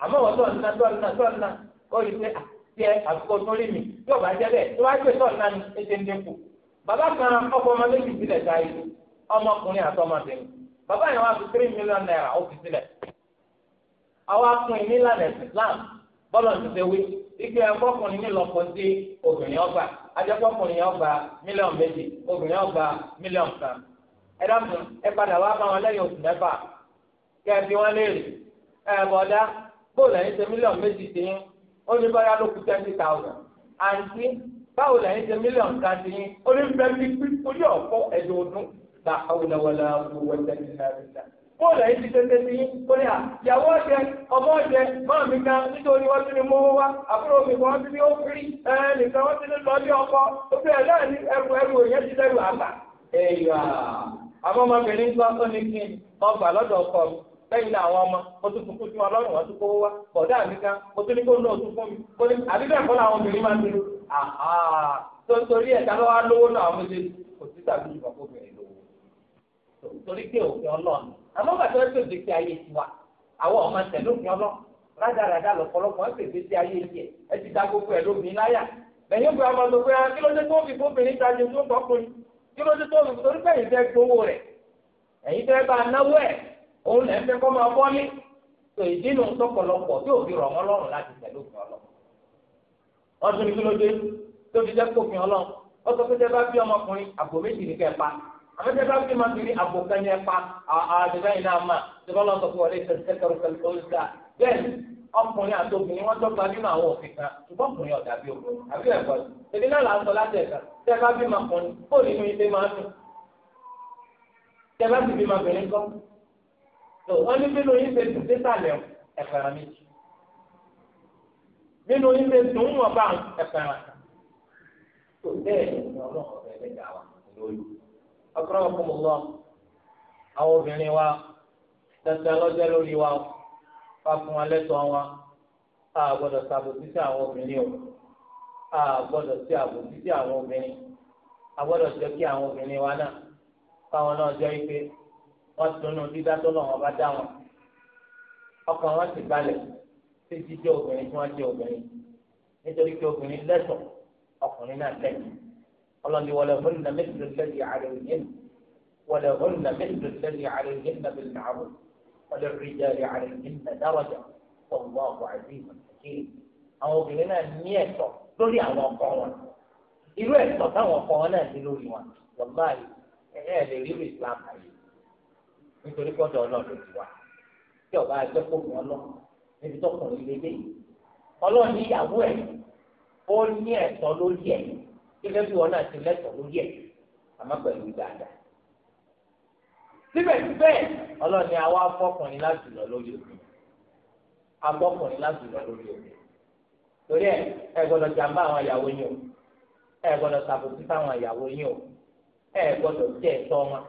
àmọ́ wọ́n tọ̀nà tọ̀nà tọ̀nà kọ́ yìí pé tiẹ̀ àfikò tó rí mi yóò bá jẹ́ bẹ́ẹ̀ tó bá gbé tọ̀nà ni ẹ ọmọkùnrin àti ọmọbìnrin bàbá yẹn wá fi three million naira ó fi sílẹ̀ àwọn akùnrin nílànà ẹ̀sìn Islam bọ́lọ̀ ti ṣe wí ike ọkọkùnrin ní lọ́kọ sí obìnrin ọgbà ajẹ́kọ̀ọ́kùnrin ọgbà mílíọ̀n méjì obìnrin ọgbà mílíọ̀n kan ẹ dákun ẹ padà wá bá wọn lẹ́yìn oṣù mẹ́fà kí ẹ fi wọn léèrè ẹ bọ̀dá bóòlù ẹ̀yin ṣe mílíọ̀n méjì ti yín ó ní báyà ló kù twenty thousand àǹtí báwo lẹ́yìn ṣe mílíọ̀n kan ti yín ó ní bẹ́ẹ̀ bí orí ọ̀pọ̀ ẹ̀dùn ọdún la hawla wala quwwata illa billah bóòlù ẹ̀yìn ti tẹ́tẹ́ sí kóníà ìyàwó ọ̀jẹ̀ ọmọ ọ̀jẹ̀ máa mi kan nítorí wọ́n ti ní mú wá àbúrò mi kan ti ní ó kiri nìkan wọ́n ti ní lọ ní ọkọ ó fi ẹ̀dá ní ẹrù ẹrù òyìn ti dẹ́rù àgbà. ẹ̀yà àwọn ọmọbìnrin tó tó ní kí ọgbà lọ́dọ̀ ọkọ mi lẹ́yìn náà àwọn ọmọ mo tún fún fún ọlọ́run wọn tún kówó wá bọ̀dá mi kan mo tún ní kó náà tún fún mi torí pé òfin ọlọ́ọ̀ni àmọ́ bàtà ẹ̀ pèsè sí ayé tiwa àwọn ọmọ tẹ̀lé òfin ọlọ́ rádaràdà lọ́pọ̀lọpọ̀ ẹ̀ pèsè sí ayé tiẹ̀ ẹ ti da gbogbo ẹ̀ lómi láyà lẹ́yìn òfin ọmọ tó pé ẹ ah, kí ló dé tó fi fóbìnrin ta ju tó tọkùnrin kí ló dé tó fi torí pé ẹ̀yin fẹ́ gbowó rẹ̀ ẹ̀yin fẹ́ bá náwó ẹ̀ òun lẹ́ fẹ́ kọ́ máa bọ́lé tó ìdínú tọ̀pọ̀lọpọ̀ tí òfin rọ̀ wọ́n lọ́rùn láti tẹ̀lé òfin ọlọ́ ọdún kí ló dé tó fi jẹ́ kófin ọlọ́ ọ sọ pé tẹ bá bí ọmọkùnrin àgbò méjì ní àwọn ẹgbẹ́ bá fi máa fi àbùkán yẹn pa àdìgbà yìí náà mà ṣùgbọ́n lọ sọ pé wọlé ìṣẹ̀ṣẹ̀ kẹrùkẹrù tó ń gbà bẹ́ẹ̀ ọkùnrin àti obìnrin wọn dọ́gba nínú àwọn òfin kan ṣùgbọ́n ọkùnrin ọ̀dà bí ogun àbí ẹ̀kọ́ ṣèdí náà là ń sọ láti ẹ̀ka tẹ́ bá bí máa kùn kó nínú ilé máa dùn tẹ́ bá sì bí máa bẹ̀rẹ̀ kọ́ tó wọ́n ní bínú yín ṣe dùn sísàlẹ̀ ẹ̀fẹ̀ràn méjì bínú yín ṣe dùn wọ̀n bá ẹ̀fẹ̀ràn tó bẹ́ẹ̀ ni ọlọ́run ọ̀rẹ́ akramakumullah àwọn obìnrin wa dandan lọ́jọ́ lórí wa fa fún alẹ́tọ̀ wa a gbọ́dọ̀ ṣàbòsí sí àwọn obìnrin o a gbọ́dọ̀ sí àbòsí sí àwọn obìnrin a gbọ́dọ̀ jẹ́ kí àwọn obìnrin wa náà káwọn náà jẹ́ ipe wọ́n tunu dídá tó náà wọ́n bá dá wọn ọkàn wọn ti balẹ̀ sí jíjẹ́ obìnrin tí wọ́n jẹ́ obìnrin nítorí pé obìnrin lẹ́tọ̀ ọkùnrin náà lẹ́tọ̀ ọlọ́ni wọlé ọ̀húnna mẹ́tìrì sẹ́yìn àrẹ òyìn wọlé ọ̀húnna mẹ́tìrì sẹ́yìn àrẹ òyìn nàbẹ̀ nàárù wọlé rìjàlè àrẹ òyìn nà dárọ̀jà ọ̀gbọ́n ọ̀gbọ́n àdìmọ̀ kéè àwọn obìnrin náà ní ẹ̀tọ́ lórí àwọn ọkọ wọn irú ẹ̀tọ́ táwọn ọkọ wọn náà ní lórí wọn wàláì ẹ̀ lè rí Islam àyè nítorí kọ́dọ̀ ọlọ́run ti wà tí ọba ẹgbẹ́ fóònù ọlọ́run níbi tọkùnrin lé dé ọlọ́run ní ìyàwó ẹ̀ ó ní ẹ̀tọ́ lórí ẹ̀ gẹ́gẹ́ bí wọn náà ti lẹ́tọ̀ọ́ lórí ẹ̀ àmọ́ pẹ̀lú dáadáa. síbẹ̀síbẹ̀ ọlọ́ni àwa afọ́kùnrin láti lọ lórí òkun afọ́kùnrin láti lọ lórí òkun torí ẹ ẹ gbọ́dọ̀ jàmbá àwọn ìyàwó yín o ẹ gbọ́dọ̀ ṣàbòsí fáwọn ìyàwó yín o ẹ gbọ́dọ̀ jẹ́ ẹ̀tọ́ wọn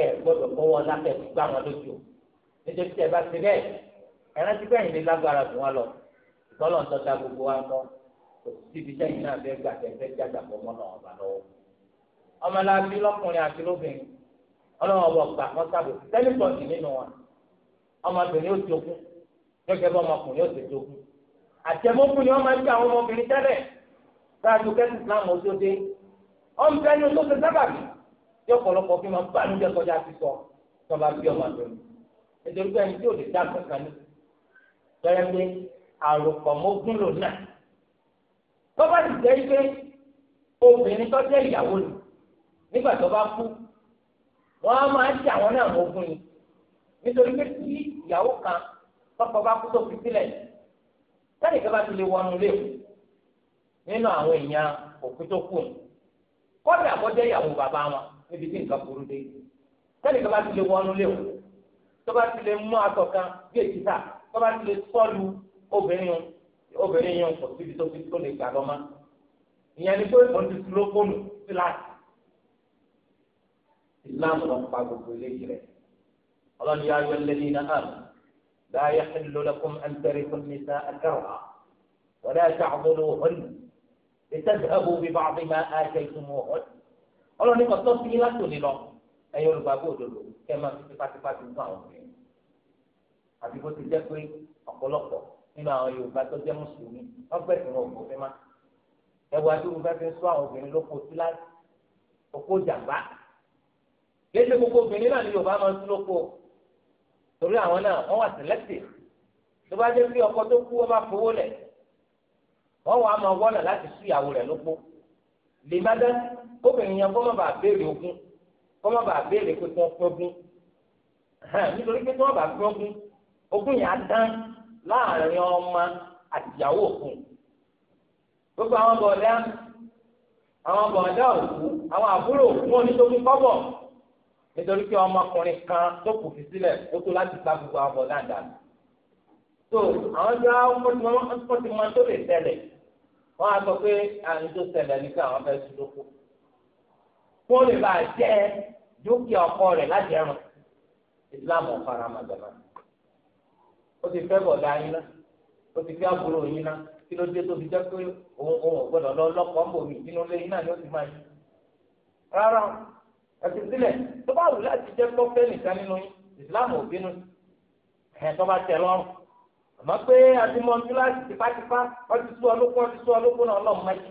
ẹ gbọ́dọ̀ kọ́wọ́ lápẹ̀tù gbá wọn lójú o nítorí tí ẹ bá ti bẹ́ẹ̀ ẹ̀rántí bẹ́ẹ̀ ni lágbára fún wa lọ ìtọ́lọ̀ ń tọ́ta gbogbo wa kọ́ síbi sẹ́yìn náà fẹ́ gbà tẹ́ fẹ́ jágbà pọ̀ mọ́ náà ọba lọ́wọ́. ọmọ láti lọ́kùnrin àti lóbìnrin ọlọ́wọ́ bọ̀ gbà wọ́n sábò tẹ́lifọ̀tì nínú wọn. ọmọbìnrin ó ti okun gẹ́gẹ́ bọ́ ọmọkùnrin ó ti ti okun. àtẹ̀mọ́kùn ni wọ́n máa ń gbé àwọn ọmọbìnrin tẹ́lẹ̀ gbáàdú kẹ́sì islam ojú dé. ọmọbìnrin ni olóṣè sábàbí tí ọ̀pọ̀lọpọ̀ fi máa ń bànújẹ́ kọjá sísọ tí wọ́n bá bí ọmọbìnrin. nítorí pé ẹni tí ò lè dá tó ti jẹ́ pé obìnrin tó jẹ́ ìyàwó ni nígbà tó bá kú wọ́n á máa ṣe àwọn náà mọ́gún ni nítorí pé tí ìyàwó kan tọ́pọ̀ bá kú tó fi sílẹ̀ sẹ́ni kan bá ti lè wọnú lé nínú àwọn èèyàn òkú tó kù kọ́dà kó ìyàwó bàbá wọn níbi tí nǹkan burú dé sẹ́ni kan bá ti lè wọnú lé tó ti lè mú aṣọ kan bí èkìtà tó ti lè sọ́lu obìnrin obìnrin yẹn kò síbi tó fi tó lè gbà lọ́mọ ìyẹn ni pé òun ti dúró fóònù síláàtì ìsìláàmù ló ń pa gbogbo eléyìí rẹ ọlọ́ni yá yọ lẹ́ni iná hàn láyé xilólẹ́kùn ẹ̀ńtẹ́rì fún mi sá àkàrà wọlé ẹ̀ṣẹ́ àbúrò hàn ìtẹ́sẹ̀hẹ́bù bí bá àbí máa àṣẹ ìtumọ̀ hàn ọlọ́ni kò tó sí láti òní lọ ẹ̀yin olùgbàgbọ́ òdodo kẹ́ máa fi tipátipá ti fún àwọn obìnrin àti ti jẹ́ pé ọ̀pọ̀lọpọ̀ nínú àwọn yorùbá tó jẹ́ mùsùlùmí wọ́n gbẹ̀sìn wọn òkú fíma ẹ̀wọ̀n adúlù bá fi ń sọ àwọn obìnrin lóko síláàsì òkú jàmbá léṣe gbogbo obìnrin náà ní yorùbá máa ń sún lóko torí àwọn náà wọ́n wà sẹ̀lẹ́tì tó bá jẹ́ pé ọkọ tó kú wọ́n bá fowó lẹ̀ wọ́n wà á máa wọ́nà láti sún ìyàwó rẹ̀ lóko lè má dá obìnrin yẹn kó má bàa béèrè ogún kó má bàa béèrè pé kó ń pín ogún nítorí pé kó má bàa pín ogún ogún yẹn á dán láàrin ọmọ àtìyàwó òkun gbogbo àwọn bọ̀dá àwọn bọ̀dá òkú àwọn àbúrò òkú wọn nítorí kọ́bọ̀ nítorí pé ọmọkùnrin kan tó kù fi sílẹ̀ ó tó láti gba gbogbo àwọn bọ̀dá dànù so àwọn tí wọ́n ti mọ tó lè tẹ̀lẹ̀ wọ́n á sọ pé àwọn tó ṣẹlẹ̀ ní ká àwọn fẹ́ẹ́ sùdókò kó lè bàa jẹ dúkìá ọkọ rẹ̀ láti ẹrùn Islam ọ̀faramagbẹ̀mọ́ ó ti fẹ́ bọ̀dá yín ná ó ti fẹ́ àbúrò yín ná kí ló dé tó fi jẹ́ pé òun òun gbọ́dọ̀ lọ lọ́kọ̀ ń bò mí nínú ilé yín náà ni ó ti máa yí. rárá ẹ̀sìn sílẹ̀ tó bá wù láti jẹ́ pọ́ fẹ́ nìkan nínú yín ìsìláàmù ò bínú ẹ̀ tó bá tẹ̀ lọ́rùn àmọ́ pé àtìmọ́ kíláàsì tipátipá wọ́n ti sú ọlọ́kùn wọ́n ti sú ọlọ́kùn náà ọlọ́mọ yìí.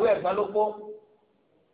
wọ́n á sọ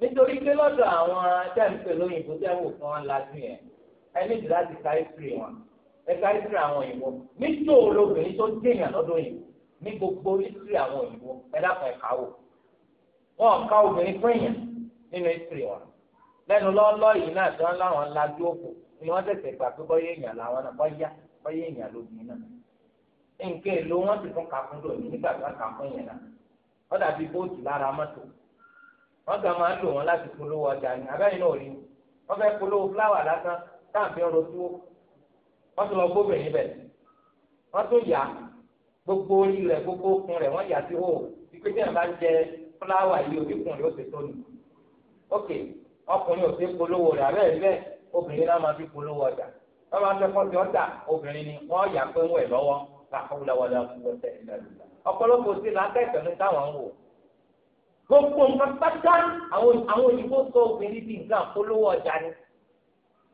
nítorí pé lọ́dọ̀ àwọn tẹ́ǹpẹ̀ lóyìnbó tẹ́wò kan lajú yẹn ẹni jù láti káísírì wọn ẹ káísírì àwọn òyìnbó níjó olóbìnrin tó dèèyàn lọ́dọ̀ òyìnbó ní gbogbo ísírì àwọn òyìnbó ẹ dákun ẹ káwò wọn ká obìnrin fún èèyàn nínú ísírì wọn lẹ́nu lọ́ọ́lọ́ yìí náà tí wọ́n láwọn lajú òkú ni wọ́n tẹ̀sẹ̀ gbà pé bọ́yé èèyàn làwọn náà bọ́yá bọ́yé èèyàn lóbìnrin náà nǹkan èlò wọn ti fún lónìí nígbà tí wọ́n kà fún èèyàn náà wọ́n dàbí bóòtù lára mọ́tò wọ́n gan máa lò wọ́n láti polówó ọjà ní abẹ́yìn náà rí wọ́n fẹ́ polówó fúláwà lásán táàbí ọ̀rọ̀ tó wọ́n tún lọ gbóbìnrin níbẹ̀ wọ́n tún yà gbogbo orí rẹ̀ gbogbo okun rẹ̀ wọ́n yà sí hò ìpè tí wọ́n bá jẹ fúláwà yìí òbíkùn rẹ̀ ó ti tóni ok ọkùnrin ò sí polówó rẹ̀ abẹ́rẹ́ bẹ́ẹ̀ obìnrin náà máa fi polówó ọjà wọ́n máa fẹ́ kọ́sí ọjà obìnrin ni wọ́n yà pé ń wẹ̀ lọ́wọ́ gbogbo nǹkan pátá àwọn òyìnbó sọ obìnrin bíi nǹkan àpolówó ọjà ni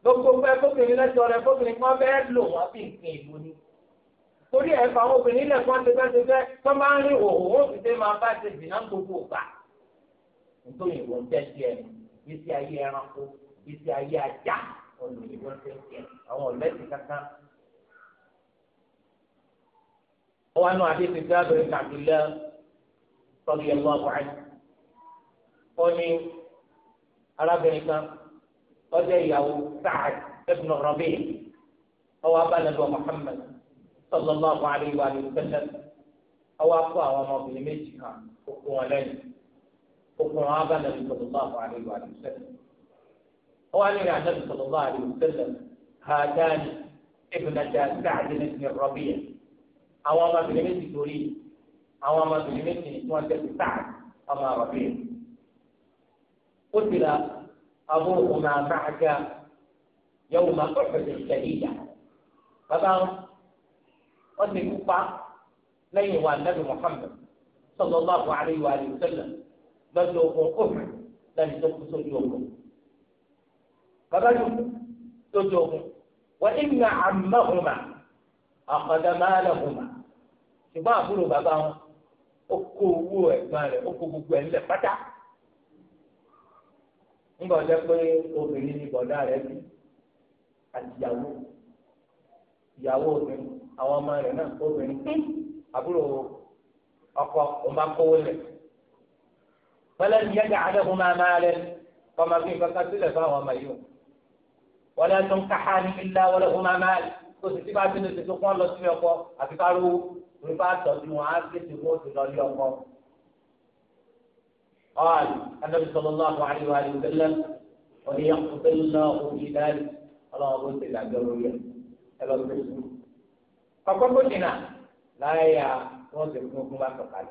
gbogbo pé kóbìnrin lẹ́sọ̀ rẹ kóbìnrin kan fẹ́ẹ́ lò wọ́n bí nǹkan èlò ni torí ẹ̀ fà àwọn obìnrin lẹ̀ fún àtẹ̀fẹ́tẹ̀fẹ́ tó máa ń rìn òhò wọ́n fi dé máa bá ṣe dìná gbogbo ògbà nítorí ìwọ ń tẹ́ sí ẹnu ìsí ayé ẹranko ìsí ayé ajá olùyìnbó ń tẹ́ sí ẹ àwọn ọ̀lẹ́sì kankan. ó wá nù àdéhùn ìgbà bẹ̀rẹ̀ ó ní arábìnrin kan ó jẹ́ ìyàwó Sa'ad ibn Rabi' ọwọ́ abánadọ̀ Muhammad sallallahu alayhi wa sallam ọwọ́ akọ àwọn ọmọbìnrin méjì kan òkú wọn lẹ́yìn òkú wọn abánadọ̀ sallallahu alayhi wa sallam ọwọ́ alẹ́ rẹ̀ anabi sallallahu alayhi wa sallam hàdáni ibùdókè Sa'ad ibn Rabi' àwọn ọmọbìnrin méjì torí àwọn ọmọbìnrin méjì tí wọ́n Sa'ad ọmọ Rabi'. قتل أبوهما معك يوم أحد الشهيدة بابا أني كفا لين والنبي محمد صلى الله عليه وآله وسلم بلوغ أحد لن تقصوا يومكم بابا تجوهم وإن عمهما أخذ مالهما ṣùgbọ́n àbúrò bàbá wọn ó kó owó ẹ̀gbọ́n rẹ̀ ńgbà jẹ́ pé obìnrin ni bọ̀dá rẹ̀ bí àtìyàwó ìyàwó obìnrin àwọn ọmọ rẹ̀ náà obìnrin àbúrò ọkọ ọba kówó lẹ̀ fẹlẹ́ ní yẹ́gà àdéhùn máa máa rẹ̀ kọ́má bí nǹkan kan sílẹ̀ fún àwọn ọmọ yìí wọlé tó ń káhá ní ilá wọlé fún máa máa rẹ̀ kó sì ti bá bínú tuntun kó lọ sí ọkọ àti ká lówó nípa tọ́jú wọn á gbé tí wọ́n ti lọ lé ọkọ. قال النبي صلى الله عليه وآله وسلم وليقتل الله في ذلك الله قلت إلى الضرورية إلى الرسول لا يا نوزي كنكم فقال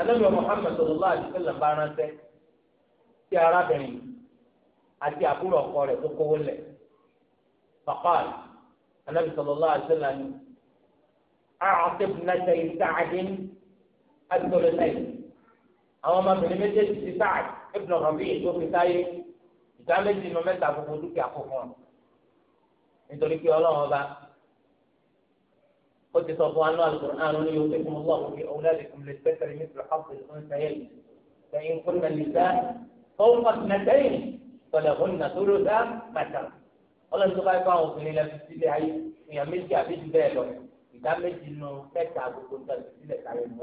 النبي محمد صلى الله عليه وسلم بارنسه ti arábìnrin àti àbúrò ọkọ rẹ̀ tó kówó lẹ̀ faqal anabi sallallahu alaihi wasallam ni àtẹ̀bùnà àwọn ọmọbìnrin méjèèjì ti sáà ibn Rabi' tó fi sáyé ìdá méjì nínú mẹ́ta gbogbo dúkìá kó fún ọ nítorí pé ọlọ́run ọba ó ti sọ fún wa náà Al-Qur'an ní yóò tẹ́kun ọlọ́run fi awladikum lè tẹ́tẹ̀rẹ̀ ní ìtura ọ̀pẹ̀ ìfún sẹ́yìn sẹ́yìn fún nàlìsá fún pàtìlẹ́sẹ́yìn tọ̀lẹ̀ fún nàtòlódà mẹ́ta ọlọ́run tó bá yẹ kó àwọn obìnrin sílẹ̀ ayé èèyàn méjì àbí ju bẹ́ẹ̀ lọ ìdá méjì nínú mẹ́ta gbogbo nǹkan sílẹ̀ káyọ̀ ní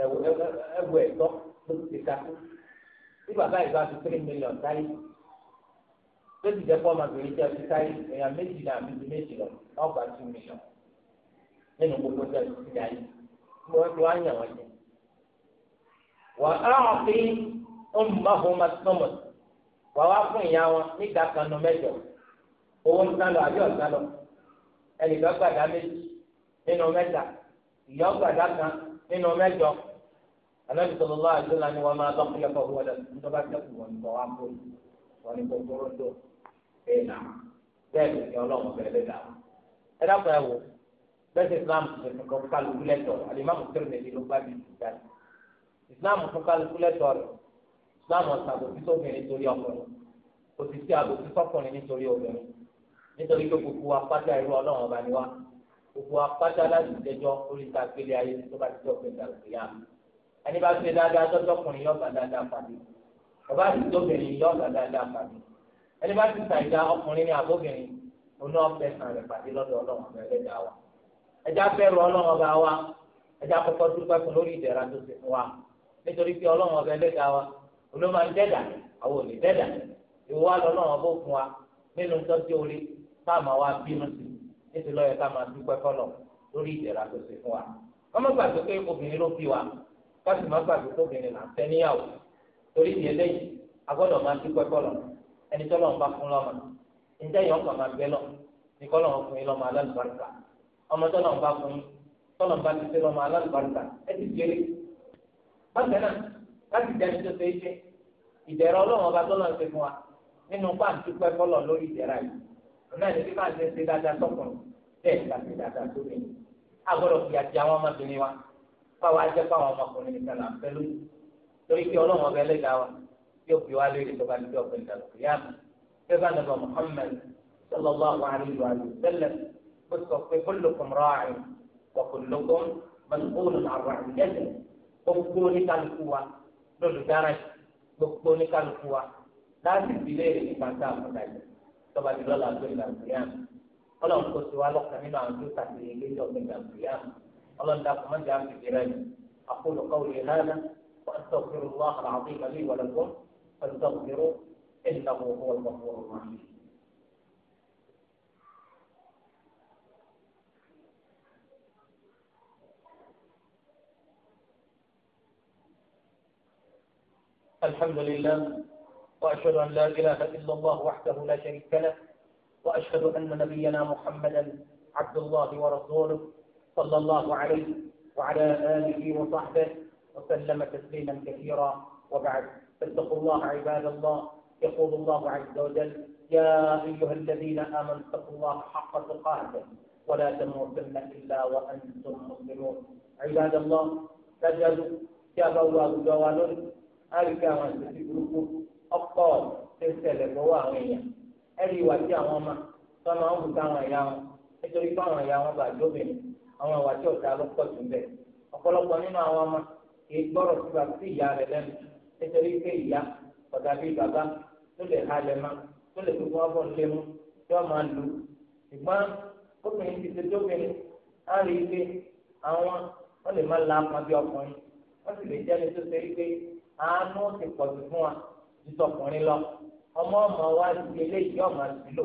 ẹwù ẹ̀tọ́ ló ti ka tí bàbá ìlú àti three million táyé lóṣù jẹ́ fọ́ọ̀mù àgbèrè tí a ti èèyàn méjì náà àbíbi méjì lọ ọgbà two million nínú gbogbo tí ti dá yìí mo ń lo àyàn wọn jẹ. wà á fi ń bá fún ma sọmọ wà wá fún ìyá wọn nígbà kan nù mẹ́jọ owó ń sálọ àbí ọ̀sálọ ẹnìkan gbàdá méjì nínú mẹ́ta ìyá ọgbàdá kan nínú mẹ́jọ anabi sọlọ lọ àdúrà ni wọn máa dọkọlẹ kọ wọn lẹ nígbà bá tẹkùn wọn kọ wá pọ wọn ni gbogbo dò bẹ́ẹ̀ nà bẹ́ẹ̀ ló ní Ọlọ́run bẹ́ẹ̀ lè dà ẹ dàpọ ẹ wò bẹ́ẹ̀ sì islam ti fi kọ kálukú lẹtọ alimami tẹrẹ ní ló bá bí ìgbà islam fún kálukú lẹtọ rẹ islam ọ̀sán kò sí sóbìnrin nítorí ọkùnrin kò sì sí àbòsí sọkùnrin nítorí obìnrin nítorí pé gbogbo apáta irú Ọlọ́run ọba ni wá gbogbo apáta láti tẹjọ orí ta gbélé ayé tó bá ti tọ́ pé ta òkè yá ẹni bá ṣe dáadáa tọ́jọ́kùnrin yóò bá dáadáa pàdé bàbá àti tóbìnrin yóò bá dáadáa pàdé ẹni bá ti ṣàìdá ọkùnrin ní àbóbìnrin oní ọ̀fẹ́ kan rẹ̀ pàdé lọ́dọ̀ ọlọ́run ọ̀rẹ́ lẹ́dàá wa ẹja bẹ̀rù ọlọ́run ọba wa ẹja kọ́kọ́ dúpẹ́ fún lórí ìdẹ̀ra tó ti fún wa nítorí pé ọlọ́run ọba ẹlẹ́dàá wa olóma ń dẹ́dà àwọn ò ní níṣẹ́ lọ́yọ̀ ká máa dúpẹ́ fọlọ̀ lórí ìdẹ̀ra tó ṣe fún wa wọ́n má gbàgbé pé obìnrin ló bí wa ká sì má gbàgbé pé obìnrin là ń fẹ́ níyàwó torí ìdí máa dúpẹ́ fọlọ̀ ẹni tọ́lọ̀ ń bá fún lọ́mọ ǹjẹ́ yọ̀ ọ́n máa lọ ní kọ́lọ̀ lọ́mọ alálùbáríkà ọmọ tọ́lọ̀ ń bá fún tọ́lọ̀ ń bá ti lọ́mọ alálùbáríkà ẹ ti bákan náà ní bí bá ń ṣe ṣe dáadáa tọkùn bẹ́ẹ̀ ní bá ṣe dáadáa tó lè a gbọ́dọ̀ fi àti àwọn ọmọbìnrin wa fáwọn ajẹ́ fáwọn ọmọkùnrin nìkan là ń fẹ́ lóyún torí pé ọlọ́run ọbẹ̀ ẹlẹ́dàá wa yóò fi wá lórí tó bá ní bí ọ̀pẹ̀ ìdàlọ́ kìyàmù Muhammad sallallahu alayhi wa sallam ó sọ pé kullukum ra'in wa kullukum mas'ulun 'an ra'iyyatihi gbogbo oníkálukú wa lọ́lùdáràn gbogbo oníkálukú láti fi léèrè nípa tá a mọ̀ tọ́ba ti lọ́la tó ìgbàgbéyàn ọlọ́run kò sí wa lọ́kàn nínú àwọn tó tàbí ilé tó ìgbàgbéyàn ọlọ́run dàpọ̀ mọ́jà ń fìdí rẹ̀ أقول قولي هذا وأستغفر الله العظيم لي ولكم فاستغفروه إنه هو الغفور الرحيم الحمد لله وأشهد أن لا إله إلا الله وحده لا شريك له وأشهد أن نبينا محمدا عبد الله ورسوله صلى الله عليه وعلى آله وصحبه وسلم تسليما كثيرا وبعد فاتقوا الله عباد الله يقول الله عز وجل يا أيها الذين آمنوا اتقوا الله حق تقاته ولا تموتن إلا وأنتم مسلمون عباد الله تجد يا بواب جوال أركان في ọ̀pọ̀ ṣe ń tẹ̀lé gbọ́wọ́ àwọn èèyàn ẹ̀rí ìwà tí àwọn ọmọ tó máa ń wù táwọn wọn nítorí pé àwọn ẹ̀yà wọn bàjẹ́ obìnrin àwọn ìwà tí ọ̀tá ló pọ̀ jù bẹ́ẹ̀ ọ̀pọ̀lọpọ̀ nínú àwọn ọmọ kì í gbọ́rọ̀ sí sí ìyá lẹ́nu nítorí pé ìyá bíi bàbá lè lè fi wọ́n bọ̀ lé tí wọ́n máa ṣùgbọ́n títọkùnrin lọ ọmọ ọmọ wa ti eléyìí ọmọ sí lò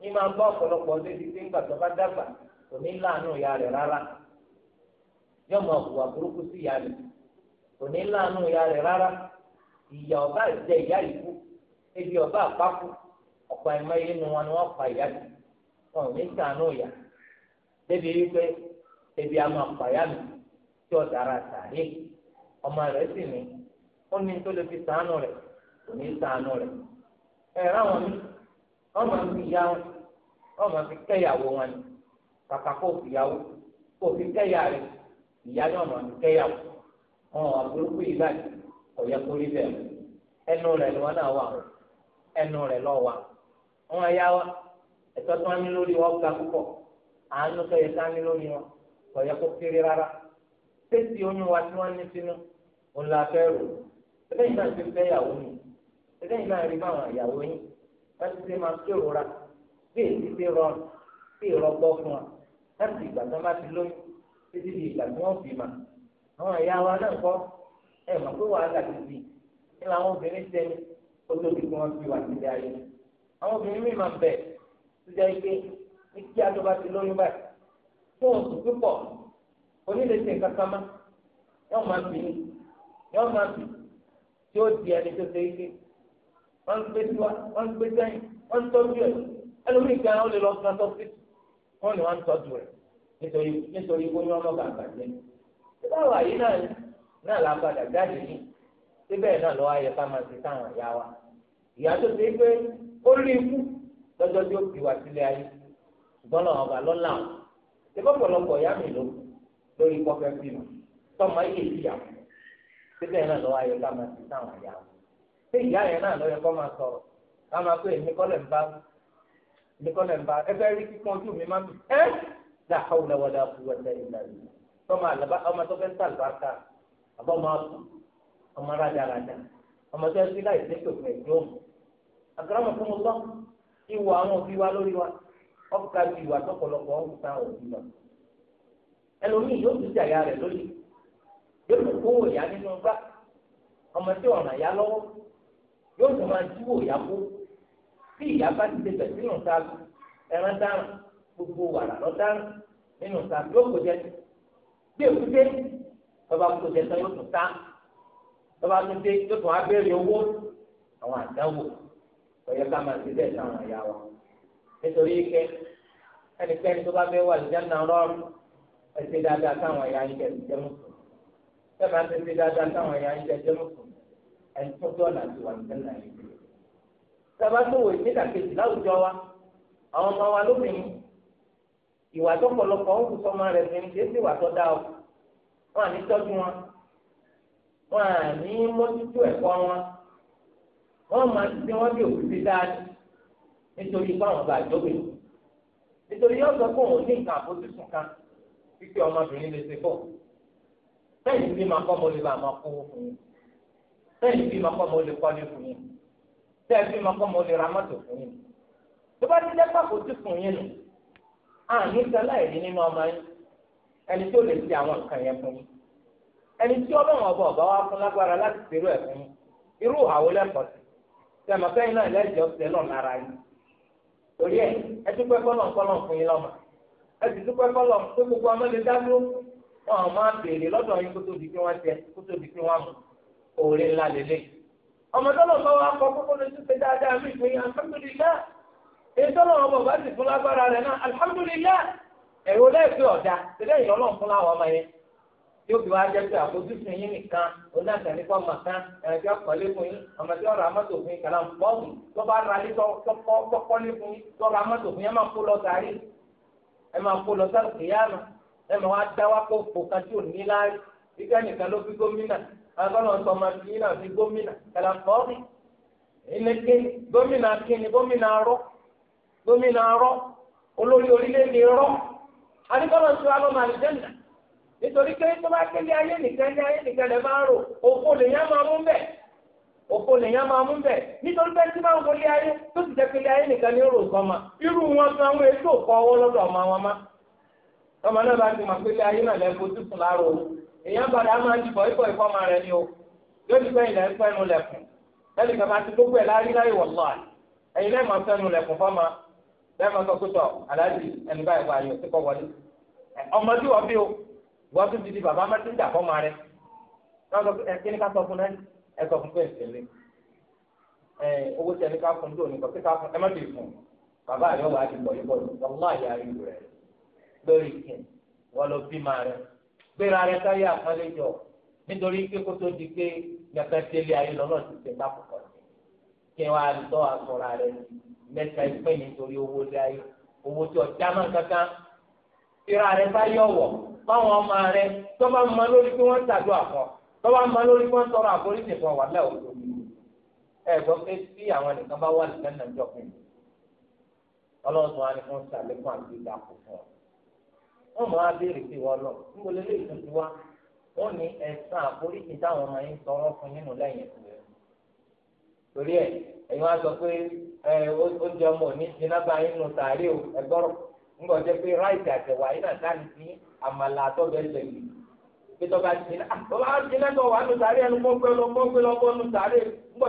ní máa bá ọ̀pọ̀lọpọ̀ ọdún ti pé ńgbà tó bá dàgbà kò ní láàánú ìyá rẹ̀ rárá yóò máa hùwà burúkú sí ìyá rẹ̀ kò ní láàánú ìyá rẹ̀ rárá ìyá ọba ìjẹ ìyá ìkú ebi ọba àpapọ̀ ọ̀pọ̀ ẹ̀mọ́ yìí nu wọn ni wọ́n pa ìyá rẹ̀ wọn ò ní sàánú ìyá débi wípé ebi àmọ́ àpàyà mi tí ọ̀dàrà sàárè ọmọ rẹ̀ sì ní ó ní tó fi sàánú rẹ̀ kò ní sànù rẹ̀ ẹ̀ ráwọn mi wọ́n máa fi ya wọn wọ́n máa fi kẹ́yàwó wọn ni kàkà kó fi yàwó kó fi kẹ́yà rẹ̀ ìyá náà máa fi kẹ́yàwó wọn àwọn burúkú yìí láti ọ̀yẹ́ kórí bẹ́ẹ̀ ẹnu rẹ̀ ni wọ́n náà wà ẹnu rẹ̀ lọ́ wà wọn ayá wa ẹ̀tọ́ tí wọ́n ní lórí wọn ga púpọ̀ àánú tó yẹ ká ní lórí wọn ọ̀yẹ́ kó kéré rárá tẹ́sí oyún wa tí wọ́n ní sínú òun la rò ẹgbẹ́ ìgbà tí ó fẹ́ yàwó nìyí. ẹgbẹ́ yìí náà rí báwọn ìyàwó yín wọ́n ti ṣe máa kérora bí èyí ti rọrùn bí ìrọ́gbọ́ fún wa láti ìgbà tó bá ti lóyún títí di ìgbà tí wọ́n fi mà àwọn ìyá wa náà kọ́ ẹ mọ̀ pé wàhálà ti di ní làwọn obìnrin sẹ́ni ó kí wọ́n fi wà sílé ayé àwọn obìnrin mi máa bẹ̀ tó jẹ́ pé ní kí a tó bá ti lóyún báyìí fún oṣù púpọ̀ di ẹni tó ṣe wọ́n gbé tiwa wọ́n gbé sẹ́yìn wọ́n tọ́jú ẹ̀ ẹlòmíì kan ó lè lọ sàn tó fìtì wọ́n ní wọ́n tọ́jú rẹ̀ nítorí nítorí wọ́n yọ ọmọ bàjẹ́ báwo àyè náà náà la padà jáde yìí síbẹ̀ náà lọ́wọ́ ayẹ ká máa ti táwọn ìyá wa ìyá tó ṣe pé ó rí ikú lọ́jọ́ tí ó fi wá sílé ayé ṣùgbọ́n náà ọba lọ́la ọ̀ ṣe bọ́pọ̀lọpọ̀ ìyá mi ló lórí kọfẹ́ bímọ tọmọ ayé ìyá síbẹ̀ náà lọ́wọ́ ayẹ ká máa ti táwọn ìyá wa ṣé ìyá yẹn náà lọ́yẹ kọ́ máa sọ̀rọ̀ ká máa pé èmi kọ́lẹ̀ ń bá èmi kọ́lẹ̀ ń bá ẹ fẹ́ rí kíkún ojú mi má mi ẹ́ dà ká wùlẹ̀ wọlé àbú wọlé ìlà yìí tọ́mọ àlàbá ọmọ tó fẹ́ ń sàlùbáríkà àbọ̀ ọmọ àpò ọmọ rádaràdà ọmọ tó ń sí láì sẹ́kẹ̀ òfin ẹ̀jọ́ mu àgàràmọ̀ fún mi lọ ìwọ àwọn òbí wa lórí wa ọ̀ka ju ìwà tọ́pọ̀lọpọ̀ ọ̀hún ta òbí lọ ẹlòmíì yóò tún jàyà rẹ̀ lórí yóò tún kówó ìyá nínú gbá yóò tún máa jíwò ìyàwó bí ìyá bá ti tẹ̀sẹ̀ sínú ta ẹran dáhùn gbogbo wàrà lọ nínú ta yóò kó jẹ bí èkúté tọba kó jẹ tán yóò tún ta tọba tún yóò tún abẹ́rẹ́ owó àwọn àdáwò ọ̀yẹ ká máa ti bẹ́ẹ̀ sáwọn ẹ̀yà wa nítorí ike ẹnikẹ́ni tó bá fẹ́ wà lùjá náà rọrùn ẹsẹ̀ dáadáa sáwọn ẹ̀yà ń jẹ́ mùsùlùmí bẹ́ẹ̀ máa ń ṣe dáadáa sáwọn ẹ̀yà ń jẹ́ mùsùlùmí ẹni tọ́jú ọ̀nà wà nígbà yìí. sábà tó wò láwùjọ wa àwọn ọmọ wa lóbìnrin ìwà tó ń kú sọmọ rẹ̀ fi ní kéésì ìwà tó dá o wọn à ní tọ́jú wọn wọn à ní mójútó ẹ̀kọ́ wọn wọn máa ti wọn bí òkú dáadé nítorí báwọn bá jókè nítorí yóò sọ pé òun ní nǹkan àfojúsùn kan fífi ọmọbìnrin lè ṣe bọ̀ bẹ́ẹ̀ ni bí máa kọ́ mo lè bá máa kó fún un sẹ́yìn bí ma kọ́ mo lè kọ́lé fún yín sẹ́yìn bí ma kọ́ mo lè ra mọ́tò fún yín tó bá ti jẹ́ pàkó tí fún yín nù àní sẹ́lá ìdí nínú ọmọ yín ẹni fún yín ẹni tí ọlọ́run ọba ọba wa fún lágbára láti ẹ̀ fún yín irú àwọn lẹ́kọ̀ọ́ sí náà lẹ́jọ́ yín torí ẹ ẹ oore ńlá lélẹ̀. ọmọ tọ́lọ̀ bá wa kọ́ kókó lójú pé dáadáa mi ìpín alhamdulilá èyí tọ́lọ̀ wọn bọ̀ bá sì fún lágbára rẹ̀ ẹ̀rọ lẹ́ẹ̀fẹ́ ọ̀dà tẹ́lẹ̀ yìí láwọn ọmọ yẹn yóò fi wá jẹ́ pé àfojúsùn yín nìkan onáàtàní fún ọmọ kan ẹ̀rọ tí wọ́n lé fún yín ọmọ tí wọ́n ra mọ́tò fún yín kàlá agbọ́dọ̀ sọ ma fi yín náà fi gómìnà kẹlẹ́ fọ́ọ̀rì ìlẹ́kẹ́ gómìnà kíni gómìnà rọ́ gómìnà rọ́ olórí orílẹ̀-èdè rọ́ adigbọ́dọ̀ sọ alọ́mọ àlùjẹ́nà nítorí pé tó bá kéde ayé nìkan ní ayé nìkan lè máa rò òfò lèyàn máa mú bẹ́ẹ̀ òfò lèyàn máa mú bẹ́ẹ̀ nítorí pé tí máa ń wọlé ayé tó sì jẹ́ kéde ayé nìkan ní rò sọ́mà irú wọn kan wọn èso kọ́ ọwọ́ lọ́dọ̀ ọmọ wọn má ọmọ náà bá ti mọ̀ pé ayé náà lẹ́kọ̀ọ́ tó sùn láàrọ̀ òun èèyàn padà máa di bọ̀ìbọ̀ ìfọ́mà rẹ̀ ni o yóò di pẹ́yìn lẹ́nu fẹ́nu lẹ̀kùn lẹ́nu kan máa ti gbogbo ẹ̀ lárí láyé wọ̀ lọ́à ẹ̀yin lẹ́ẹ̀ máa fẹ́nu lẹ̀kùn fọ́mà lẹ́ẹ̀ máa sọ pẹ́tọ̀ aláàjì ẹni báyìí wà yóò ti kọ́ wọlé ọmọ tí wọ́n bí o wọ́n tún ti bàbá má ti ń dà fọ́mà rẹ̀ kíni ká sọ fún náà ẹ sọ fún pẹ́ẹ́sì lé owó tí ẹni ká fún tó ní kọ́kí ká fún ẹ má bèè fún bàbá yóò wá di bọ̀ìbọ̀ lọ́ọ́ gbéra rẹ káyé àpọ́nlé jọ nítorí pé kó tó di pé gbàgbà délé ayé lọ́nà ti tẹ̀ bá kọ̀kọ́ kí lọ rẹ mẹ́ta ìpè nítorí owó lé ayé owó tí ọjà máa kankan gbéra rẹ bá yọ̀wọ̀ báwọn ọmọ rẹ tó bá mọ lórí pé tàdó lórí wa ẹ pé tí àwọn nìkan bá wà ọlọ́run tó wọ́n mọ̀ á sí wọn lọ níbo lè lè tuntun wá wọ́n ní ẹ̀sán àforíjì táwọn ọmọ yẹn sọ̀rọ̀ fún nínú torí wá sọ pé ẹ̀ ó ọmọ òní agba inú tààrí o ẹ̀gbọ́rọ̀ ńgbọ̀ jẹ́ pé ráìtì àtẹ̀wà yìí náà dáni sí àmàlà pé jìnnà jìnnà wà nù tààrí ẹnu lọ lọ nù tààrí pé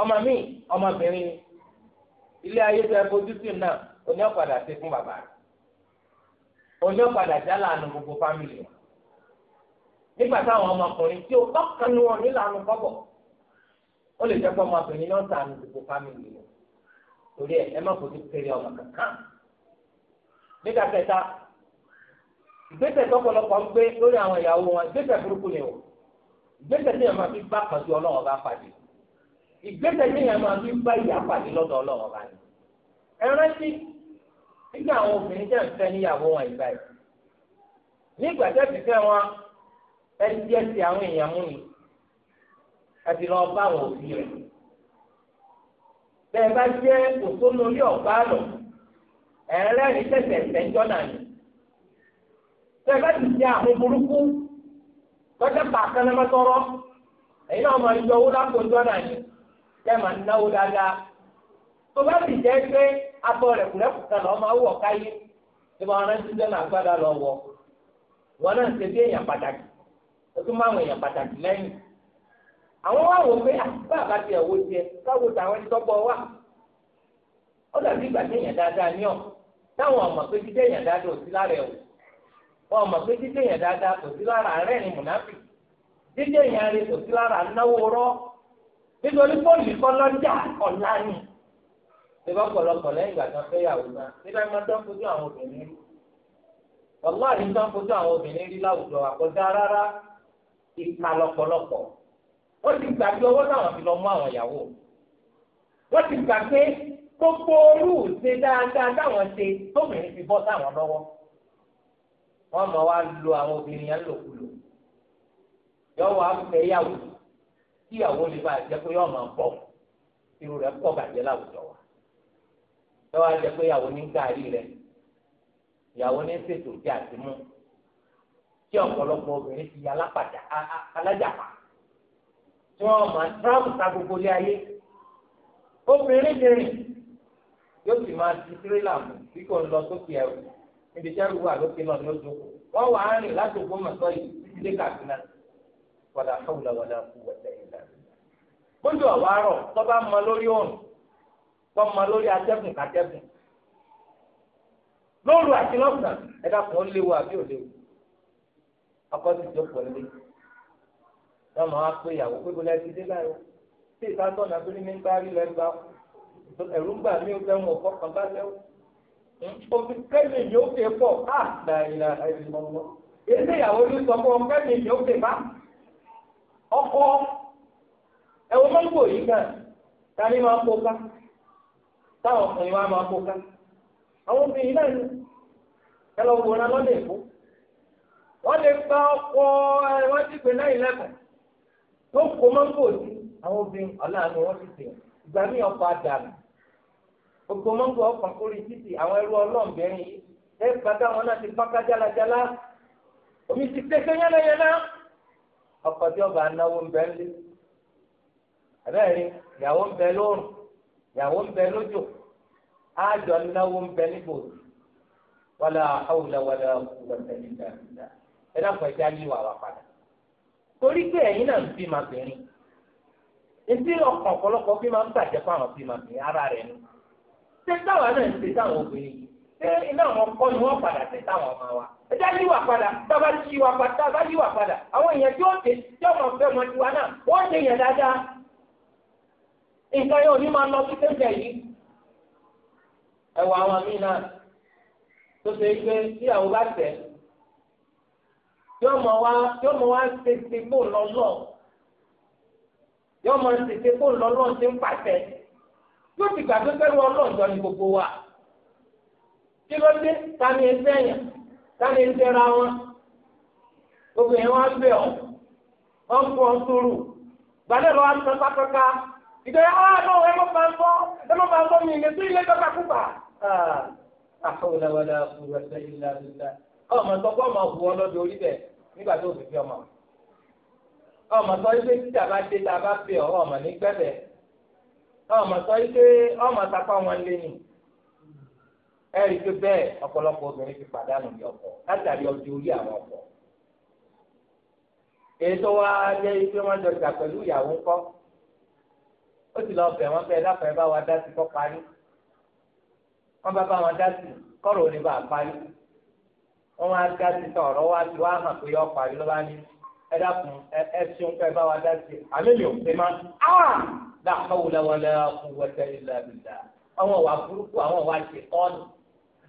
ọmọ mi ọmọbìnrin ni ilé ayé tó ẹ fojú sí náà oní ọ̀padà ṣe fún bàbá rẹ̀ oní ọ̀padà jálà àánú gbogbo fámìlì rẹ̀ nígbà táwọn ọmọkùnrin tí o bá kanu wọn nílànà kọ́bọ̀ ó lè jẹ́ pé ọmọbìnrin náà sàánú gbogbo fámìlì rẹ̀ torí ẹ ẹ má fojú kéré ọmọ kankan nígbà kẹta ìgbésẹ̀ tọ́pọ̀lọpọ̀ ń gbé lórí àwọn ìyàwó wọn ìgbésẹ̀ burúkú ni o ìgbésẹ̀ tí yẹn máa fi gbá kan sí ọlọ́wọ́ bá pàdé ìgbésẹ̀ yìí yẹn máa fi ń bá ìyá pàdé lọ́dọ̀ ọlọ́wọ́ bá ẹ rántí nígbà àwọn obìnrin níyàwó wọn ìgbà yìí. nígbà tẹ́ ti fẹ́ wọn ẹ ti àwọn èèyàn mú ni ẹ ti lọ bá àwọn òbí rẹ̀. bẹ́ẹ̀ bá jẹ́ òtónú ilé ọ̀gá lọ tẹ̀sẹ̀ náà ni. bẹ́ẹ̀ bá ti jẹ́ àwọn tẹ́ máa náwó dáadáa tó bá sì jẹ́ pé abọ́ rẹ̀ kúrẹ́kù kan lọ́ọ́ máa wọ̀ káyé tí wọ́n rántí sẹ́nu àgbàdo lọ wọ̀ wọn náà ṣe bí èèyàn pàtàkì ó tún máa wọ èèyàn pàtàkì àwọn wò pé ẹni wà ó dàbí ìgbà tí èèyàn dáadáa ní táwọn ọmọ pé èèyàn dáadáa ò sí lára wọn ọmọ pé èèyàn dáadáa kò nítorí fóònù kọ́ lọ́jà ọ̀la ni ìbá pọ̀lọpọ̀ lẹ́yìn ìgbà tán fẹ́yàwó náà nígbà tí wọ́n tán fojú àwọn obìnrin rí ọ̀gbọ́n tán fojú àwọn obìnrin rí láwùjọ àkọjá rárá ìka lọ́pọ̀lọpọ̀ wọ́n ti gbà pé owó táwọn fi lọ mú àwọn ìyàwó wọ́n ti gbà pé gbogbo orú ṣe dáadáa táwọn ṣe tóbìnrin fi bọ́ sáwọn lọ́wọ́ wọ́n mọ̀ wá lo àwọn obìnrin yẹn lòkulò yọ kí ìyàwó lè bá jẹ́ pé yóò máa bọ̀ irú rẹ̀ pọ̀ bàjẹ́ láwùjọ wa pé ní ní àtìmú tí obìnrin ti yà lápàdà alájàpá tí máa tíráàmù ta gbogbo ayé obìnrin ti rìn yóò sì máa tírélà mú bí kò ń lọ sókè ẹrù níbi tí ẹrù wà lókè wà á rìn yìí títí dé wàlà hàwùlà wàlà quwwata illa billah. bójú àwárọ̀ tó bá mọ lórí òrùn tó mọ lórí atẹ́gùn kàtẹ́gùn lóru àti lọ́sàn ẹ̀dá kan ó léwu àbí ò léwu ọkọ ti jókòó lé wọn máa pé ìyàwó pé bọ́lá ti dé láyọ̀ tí ìtàtọ̀ náà tó ní ní bá rí lẹ́gbà ẹ̀rú gbà mí ó fẹ́ràn ọ̀kọ́ kan bá lẹ́wọ̀ hmm? òfin kẹ́mi yóò pọ̀ á ah, gbà ìyàwó ní sọ fún ọ kẹ́mi yóò bá ọkọ ẹwọ mọ́tò yìí kan tani máa kó ká táwọn ọkùnrin wa máa kó ká àwọn obìnrin náà ni ẹ lọ wòran lọ́dẹ̀ èkó wọ́n lè gba ọkọ ẹ wọ́n ti pè náà ìlẹ́kùn tó kó mọ́tò sí àwọn obìnrin ọ̀làánú wọ́n ti tẹ̀ ìgbà míì ọkọ̀ àdàlù gbogbo mọ́tò ọkọ̀ kórè títì àwọn ẹrú ọlọ́ọ̀bẹ̀rin yìí ẹ gbàgbá wọn náà ti bá jálajálá omi ti tẹ́ sẹ́yẹ́lẹ́yẹ́lá ọkọ tí ọba náwó ń bẹ ńlẹ̀ àbẹ́rẹ́ ìyàwó ń bẹ lóòrùn ìyàwó ń bẹ lójò àjọ náwó ń bẹ níbò wàlà àwùlà wàlà wàlà nígbà nígbà ẹ dàpọ̀ ẹja yíwà wà padà torí pé ẹ̀yin náà ń bí ma bẹ̀rin ètí ọkàn ọ̀pọ̀lọpọ̀ bí máa ń bàjẹ́ fún àwọn máa bẹ̀rin ara rẹ̀ nù ṣé táwọn náà ń ṣe táwọn obìnrin ṣé iná àwọn ọkọ ni wọ́n padà ṣe táwọn ọmọ wa ẹjá yíwà padà tábà yíwà padà tábà yíwà padà àwọn èèyàn tí ó tè tí ọmọ fẹ́ mọ tiwa náà wọ́n ṣe yẹn dáadáa nǹkan yóò ní máa lọ sí tẹ́jẹ̀ yìí ẹ̀wọ̀ àwọn míì náà tó ṣe é pé tíyàwó bá tẹ̀ yóò mọ wá yóò mọ wá tètè kó lọ́lọ́ yóò mọ tètè kó lọ́lọ́ ṣe ń pàṣẹ yóò ti gbàgbé pẹ́lú ọlọ́ọ̀jọ́ ni gbogbo wa kí ló dé ta ni ẹgbẹ́ yẹn. táni ń tẹ́ra wọn gbogbo yẹn wá bẹ̀ ọ́ wọ́n fọ́ ọ sóru gbalẹ̀ lọ́wọ́ àti sọ́kà kọ́kà ìgbẹ́yà á lọ ah, ẹ mọ̀ ń ẹ mọ̀ ń sí ilé dọ́kà kúpa. wàlẹ ilé àdúgbò ọmọ ọmọ orí bẹ nígbà tó fi fi ọmọ ọmọ bá dé tá a bá fi ọ ọmọ ní ọmọ ọmọ sapá wọn lé ni. ẹ̀rí pé bẹ́ẹ̀ ọ̀pọ̀lọpọ̀ obìnrin ti pàdánù ní ọkọ látàrí ọjọ́ orí àwọn ọkọ. ètò wa jẹ́ pé wọ́n jọ jà pẹ̀lú ìyàwó ńkọ́ ó sì lọ bẹ̀ wọ́n bẹ́ẹ̀ láfẹ̀ẹ́ bá wa dá sí kọ́ parí wọ́n bá bá wọn dá sí kọ́rọ̀ ò ní bá a parí wọ́n wá dá sí tọ̀rọ̀ wá sí wá hàn pé yọ parí ló bá ní ẹ dákun ẹ ṣeun pé bá wa dá sí àmì mi ò pé má láàpọ̀ wùlẹ̀wọ̀lẹ̀ kú wọ́tẹ́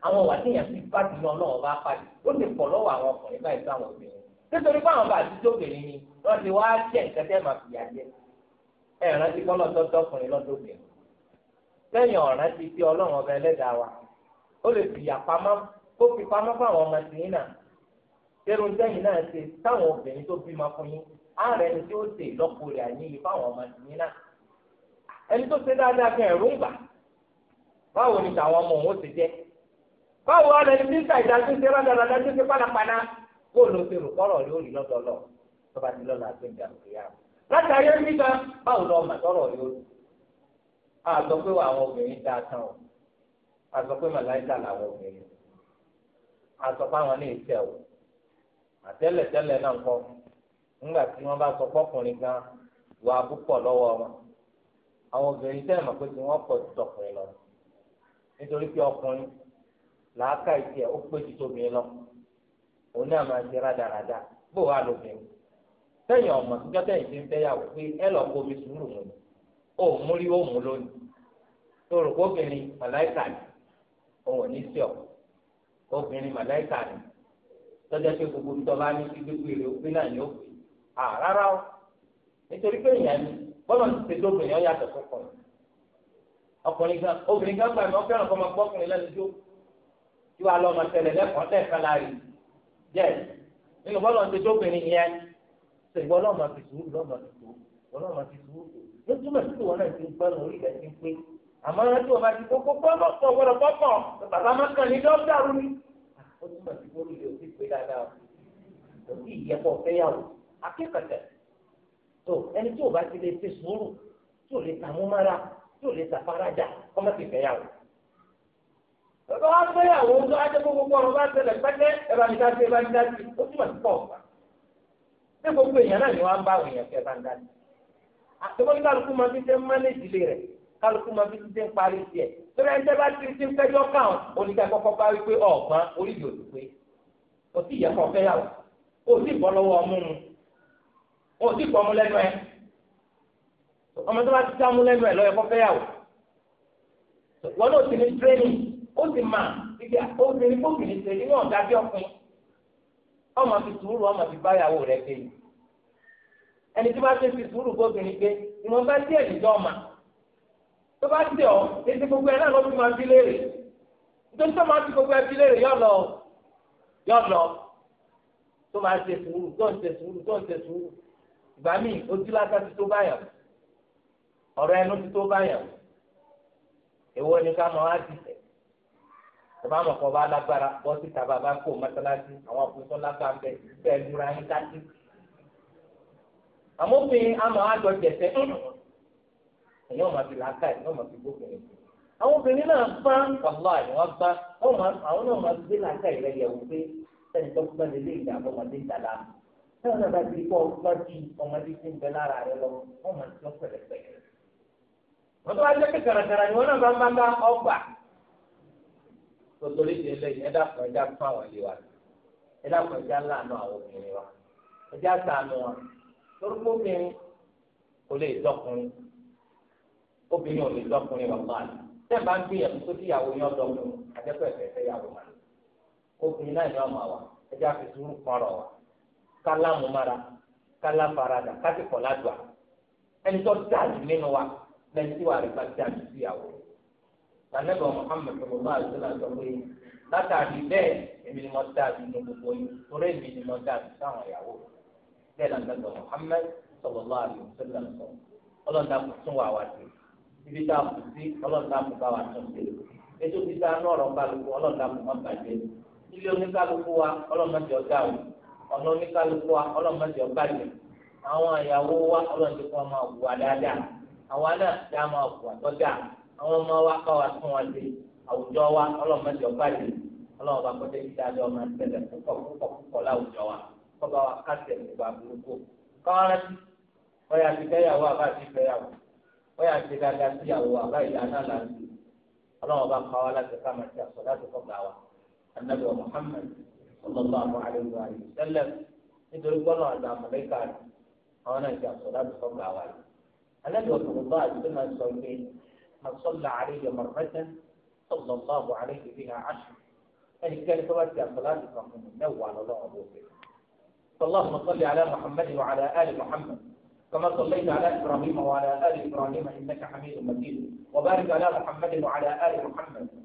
àwọn wà téèyàn fi pàdé lọ náà bá pàdé ó lè pọ̀ lọ́wọ́ àwọn ọkùnrin báyìí sáwọn obìnrin nítorí báwọn bá àti tóbìnrin ni wọ́n ti wá jẹ́ nǹkan tẹ́ máa fìyà jẹ ẹ rántí kọ́ lọ́dọ́dọ́kùnrin lọ́dọ́bìnrin lẹ́yìn ọ̀ràn ti fi ọlọ́run ọba ẹlẹ́dàá wa ó lè fìyà pamọ́ kó fi pamọ́ fáwọn ọmọ tìyín náà tẹ́rù sẹ́yìn náà ṣe táwọn obìnrin tó bímọ fún yín ààrẹ ni tí ó ṣe ìlọ́po rẹ̀ àyíyí fáwọn ọmọ tìyín náà ẹni tó ṣe dáadáa fún ẹ̀rú ń gbà báwo ni tàwọn ọmọ òun ó ti jẹ́ báwo wà lẹni tí ìdájọ́ ṣe rádàrà dájọ́ ṣe pálapàla kó ló ṣe rò kọ́rọ̀ lórí ti lọ́la láti ayé báwo lọ mà tọrọ lórí a sọ pé àwọn obìnrin dá o a sọ pé màláìsà làwọn obìnrin a sọ pé àwọn ní ìṣẹ́ o àtẹ́lẹ̀tẹ́lẹ̀ náà kọ́ nígbà tí wọ́n bá sọ fọkùnrin gan wà púpọ̀ lọwọ wọn àwọn obìnrin mọ̀ pé tí wọ́n pọ̀ ti tọkùnrin làákà ìtì ẹ ó péjú tómi lọ òun náà máa ṣe rádaràda bó wàá lómi sẹ́yìn ọmọ tíjọ tẹ̀yìn ti ń fẹ́yàwó pé ẹ lọ kó omi sùúrù mu ó mú rí ó lónìí tó ni òun ò ní ni pé gbogbo tó bá ní náà ni ó rárá o nítorí pé ìyá ni bọ́lá ti ṣe lóbìnrin yàtọ̀ ọkùnrin gan obìnrin gan gbà tí wàá lọ́mọ tẹ̀lé lẹ́kọ̀ọ́ tẹ̀sán láàrí jẹ́ nínú bọ́lọ̀ ti tó pinni yẹn ṣègbọ́n lọ́mọ ti sùúrù lọ́mọ ti sùúrù lọ́mọ ti sùúrù lójúmọ̀ tí wọn náà ti ń gbọ́n orí rẹ̀ ti ń pé àmọ́ ẹni tí wọn bá ti kókó pọ́nmọ́ pọ̀ gbọ́dọ̀ pọ́pọ̀ bàbá máa kàn ní dọ́kítàrú ni. Ah, ó túmọ̀ sí kórìí rẹ̀ ò sì pé dáadáa kò sí ìyẹ́pọ̀ fẹ́yàwó akẹ́kọ̀tẹ̀. tó ẹni tí ò bá ti lè ṣe sùúrù tí ò lè tààmú mára tí ò lè tàfarajà kọ́mọ́tì fẹ́yàwó bàbá wa fẹ́yàwó tó á jẹ́ kó gbogbo ọ̀rọ̀ bá tẹ̀lé pẹ́kẹ́ ẹ bá mi dá sí ẹ bá mi dá sí ó túmọ̀ sí pọ̀ ọ̀gbà ṣé gbogbo èèyàn náà ni wọ́n á ń bá àwọn èèyàn fẹ́ bá ń dá sí. àtẹ̀wọ́n ní kálukú máa fi ṣe ń mánéjì lé rẹ̀ kálukú máa fi ṣe ń parí tiẹ̀ torí ẹni tẹ́ bá ti ti ń fẹ́jọ́ kàn oníkà kọ́kọ́ bá wípé ọ̀gbọ́n orí yóò ti pé kò sí ìyẹ́kọ̀ fẹ́yàwó kò sí ìbọ́ lọ́wọ́ ọmú mu kò sí ìbọ́ mu lẹ́nu ẹ ọmọ tó bá ti sá mu lẹ́nu ẹ lọ́yẹ kọ́ fẹ́yàwó wọn náà ti ní tírénìng ó sì máa ibi obìnrin kóbìnrin ṣe nínú ọ̀dà ọkùnrin ọmọ fi sùúrù ọmọ fi báyàwó rẹ̀ pé ẹni tí wọ́n ti fi sùúrù kóbìnrin pé ìwọ̀n bá díẹ̀ nìjọ́ ọmọ tó bá tẹ̀ ọ́ ètò gbogbo ẹ̀ náà máa fi léèrè nítorí tó gbogbo ẹ̀ fi léèrè yọ̀ lọ yọ̀ lọ tó máa ṣe sùúrù tó ń ṣe sùúrù tó ń ṣe sùúrù ìgbà míì ojú ti tó báyà ọ̀rọ̀ ẹnu ti tó báyà èwo ni ká máa tọ́ba àmọ̀ kọ́ bá lágbára bọ́ síta bàbá kó mọ́sálásí àwọn akóso lágbára bẹ́ẹ̀ bẹ́ẹ̀ lura yín kájí. àmófin àmọ̀ àjọ jẹ̀sẹ̀ ẹ̀yìn ọmọ àti làákà ẹ̀yìn ọmọ àti gbókùnrin. àwọn obìnrin náà bá wàhálà ẹ̀ wọ́n bá àwọn náà máa gbé làákà ìrẹ́ yẹ̀wò pé sẹ́ni tó gbọ́n lé lé ìdààmú ọmọdé ìdàlá. sẹ́wọ́n náà bá ti kọ́ ọgbọ́n ju ọmọdé tí ń bẹ nítorí ti ẹlẹ́yìn ẹ̀dá kan ẹ̀dá fún àwọn ilé wa ẹ̀dá kan ẹ̀dá láàánú àwọn obìnrin wa ẹ̀dá sànù wa lórúkọ obìnrin kò lè dọ́kùnrin obìnrin ò lè dọ́kùnrin wà máa lò tẹ́ẹ̀ bá ń gbìyànjú tó ti yàwó yẹn dọ́kùnrin àjẹpẹ́ ẹ̀fẹ́ yàwó máa lò obìnrin náà ni wọ́n máa wà ẹ̀dá fi sùúrù kọ́rọ̀ wa kálámù mára kálá farada kásìkò lànàbà Muhammad sallallahu alaihi wasallam sọ pé látàrí bẹ́ẹ̀ èmi ni mo dàbí ní gbogbo yìí torí èmi ni mo dàbí sáwọn ìyàwó bẹ́ẹ̀ lànàbà Muhammad sallallahu alaihi wasallam sọ ọlọ́dà kò tún wà wá sí ibi tá a kù sí ọlọ́dà kò bá wà tún sí ètò ìta nọ̀rọ̀ kálukú ọlọ́dà kò má bàjẹ́ ilé oníkálukú wa ọlọ́mọdé ọ̀gá o ọ̀nà oníkálukú wa ọlọ́mọdé ọ̀gá àwọn ìyàwó wa ọlọ́dà kò máa wù wá dáadáa àwọn náà dá máa wù wá tọ́jà àwọn ọmọ wa kọ́ wa tún wọn sí àwùjọ wa ọlọ́mọdé ọba yìí ọlọ́mọba kọ́tẹ́ kí dáadọ́ máa tẹ̀lẹ̀ púpọ̀ púpọ̀ púpọ̀ láwùjọ wa kọ́ba wa kásẹ̀ ìgbà burúkú kọ́rin ọyà ti fẹ́yàwó àbá ti fẹ́yàwó ọyà ti dáadáa síyàwó àbá ìyá náà láti ọlọ́mọba kọ́ wa láti ká máa ti àṣọ láti kọ́ gbà wa anabi wa muhammed sallallahu alayhi wa sallam nítorí من صلى علي مرة صلى الله عليه بها عشر يعني كان تواتي الصلاة من النوع على الله أبوه فاللهم صل على محمد وعلى آل محمد كما صليت على إبراهيم وعلى آل إبراهيم إنك حميد مجيد وبارك على محمد وعلى آل محمد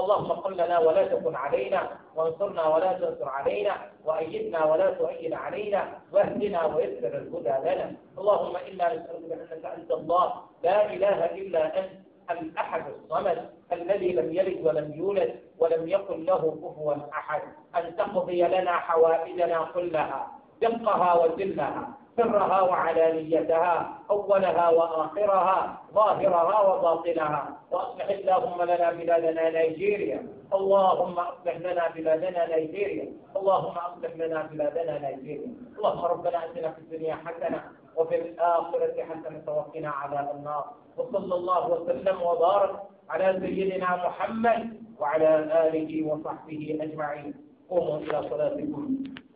اللهم قل لنا ولا تكن علينا وانصرنا ولا تنصر علينا وأيدنا ولا تؤيد علينا واهدنا ويسر الهدى لنا اللهم إنا نسألك أنك أنت الله لا إله إلا أنت الأحد الصمد الذي لم يلد ولم يولد ولم يكن له كفوا أحد أن تقضي لنا حوائجنا كلها دقها وجلها سرها وعلانيتها أولها وآخرها ظاهرها وباطنها وأصلح اللهم لنا بلادنا نيجيريا اللهم أصلح لنا بلادنا نيجيريا اللهم أصلح لنا بلادنا نيجيريا اللهم ربنا أتنا في الدنيا حسنة وفي الآخرة حسنة وقنا عذاب النار وصلى الله وسلم وبارك على سيدنا محمد وعلى آله وصحبه أجمعين قوموا إلى صلاتكم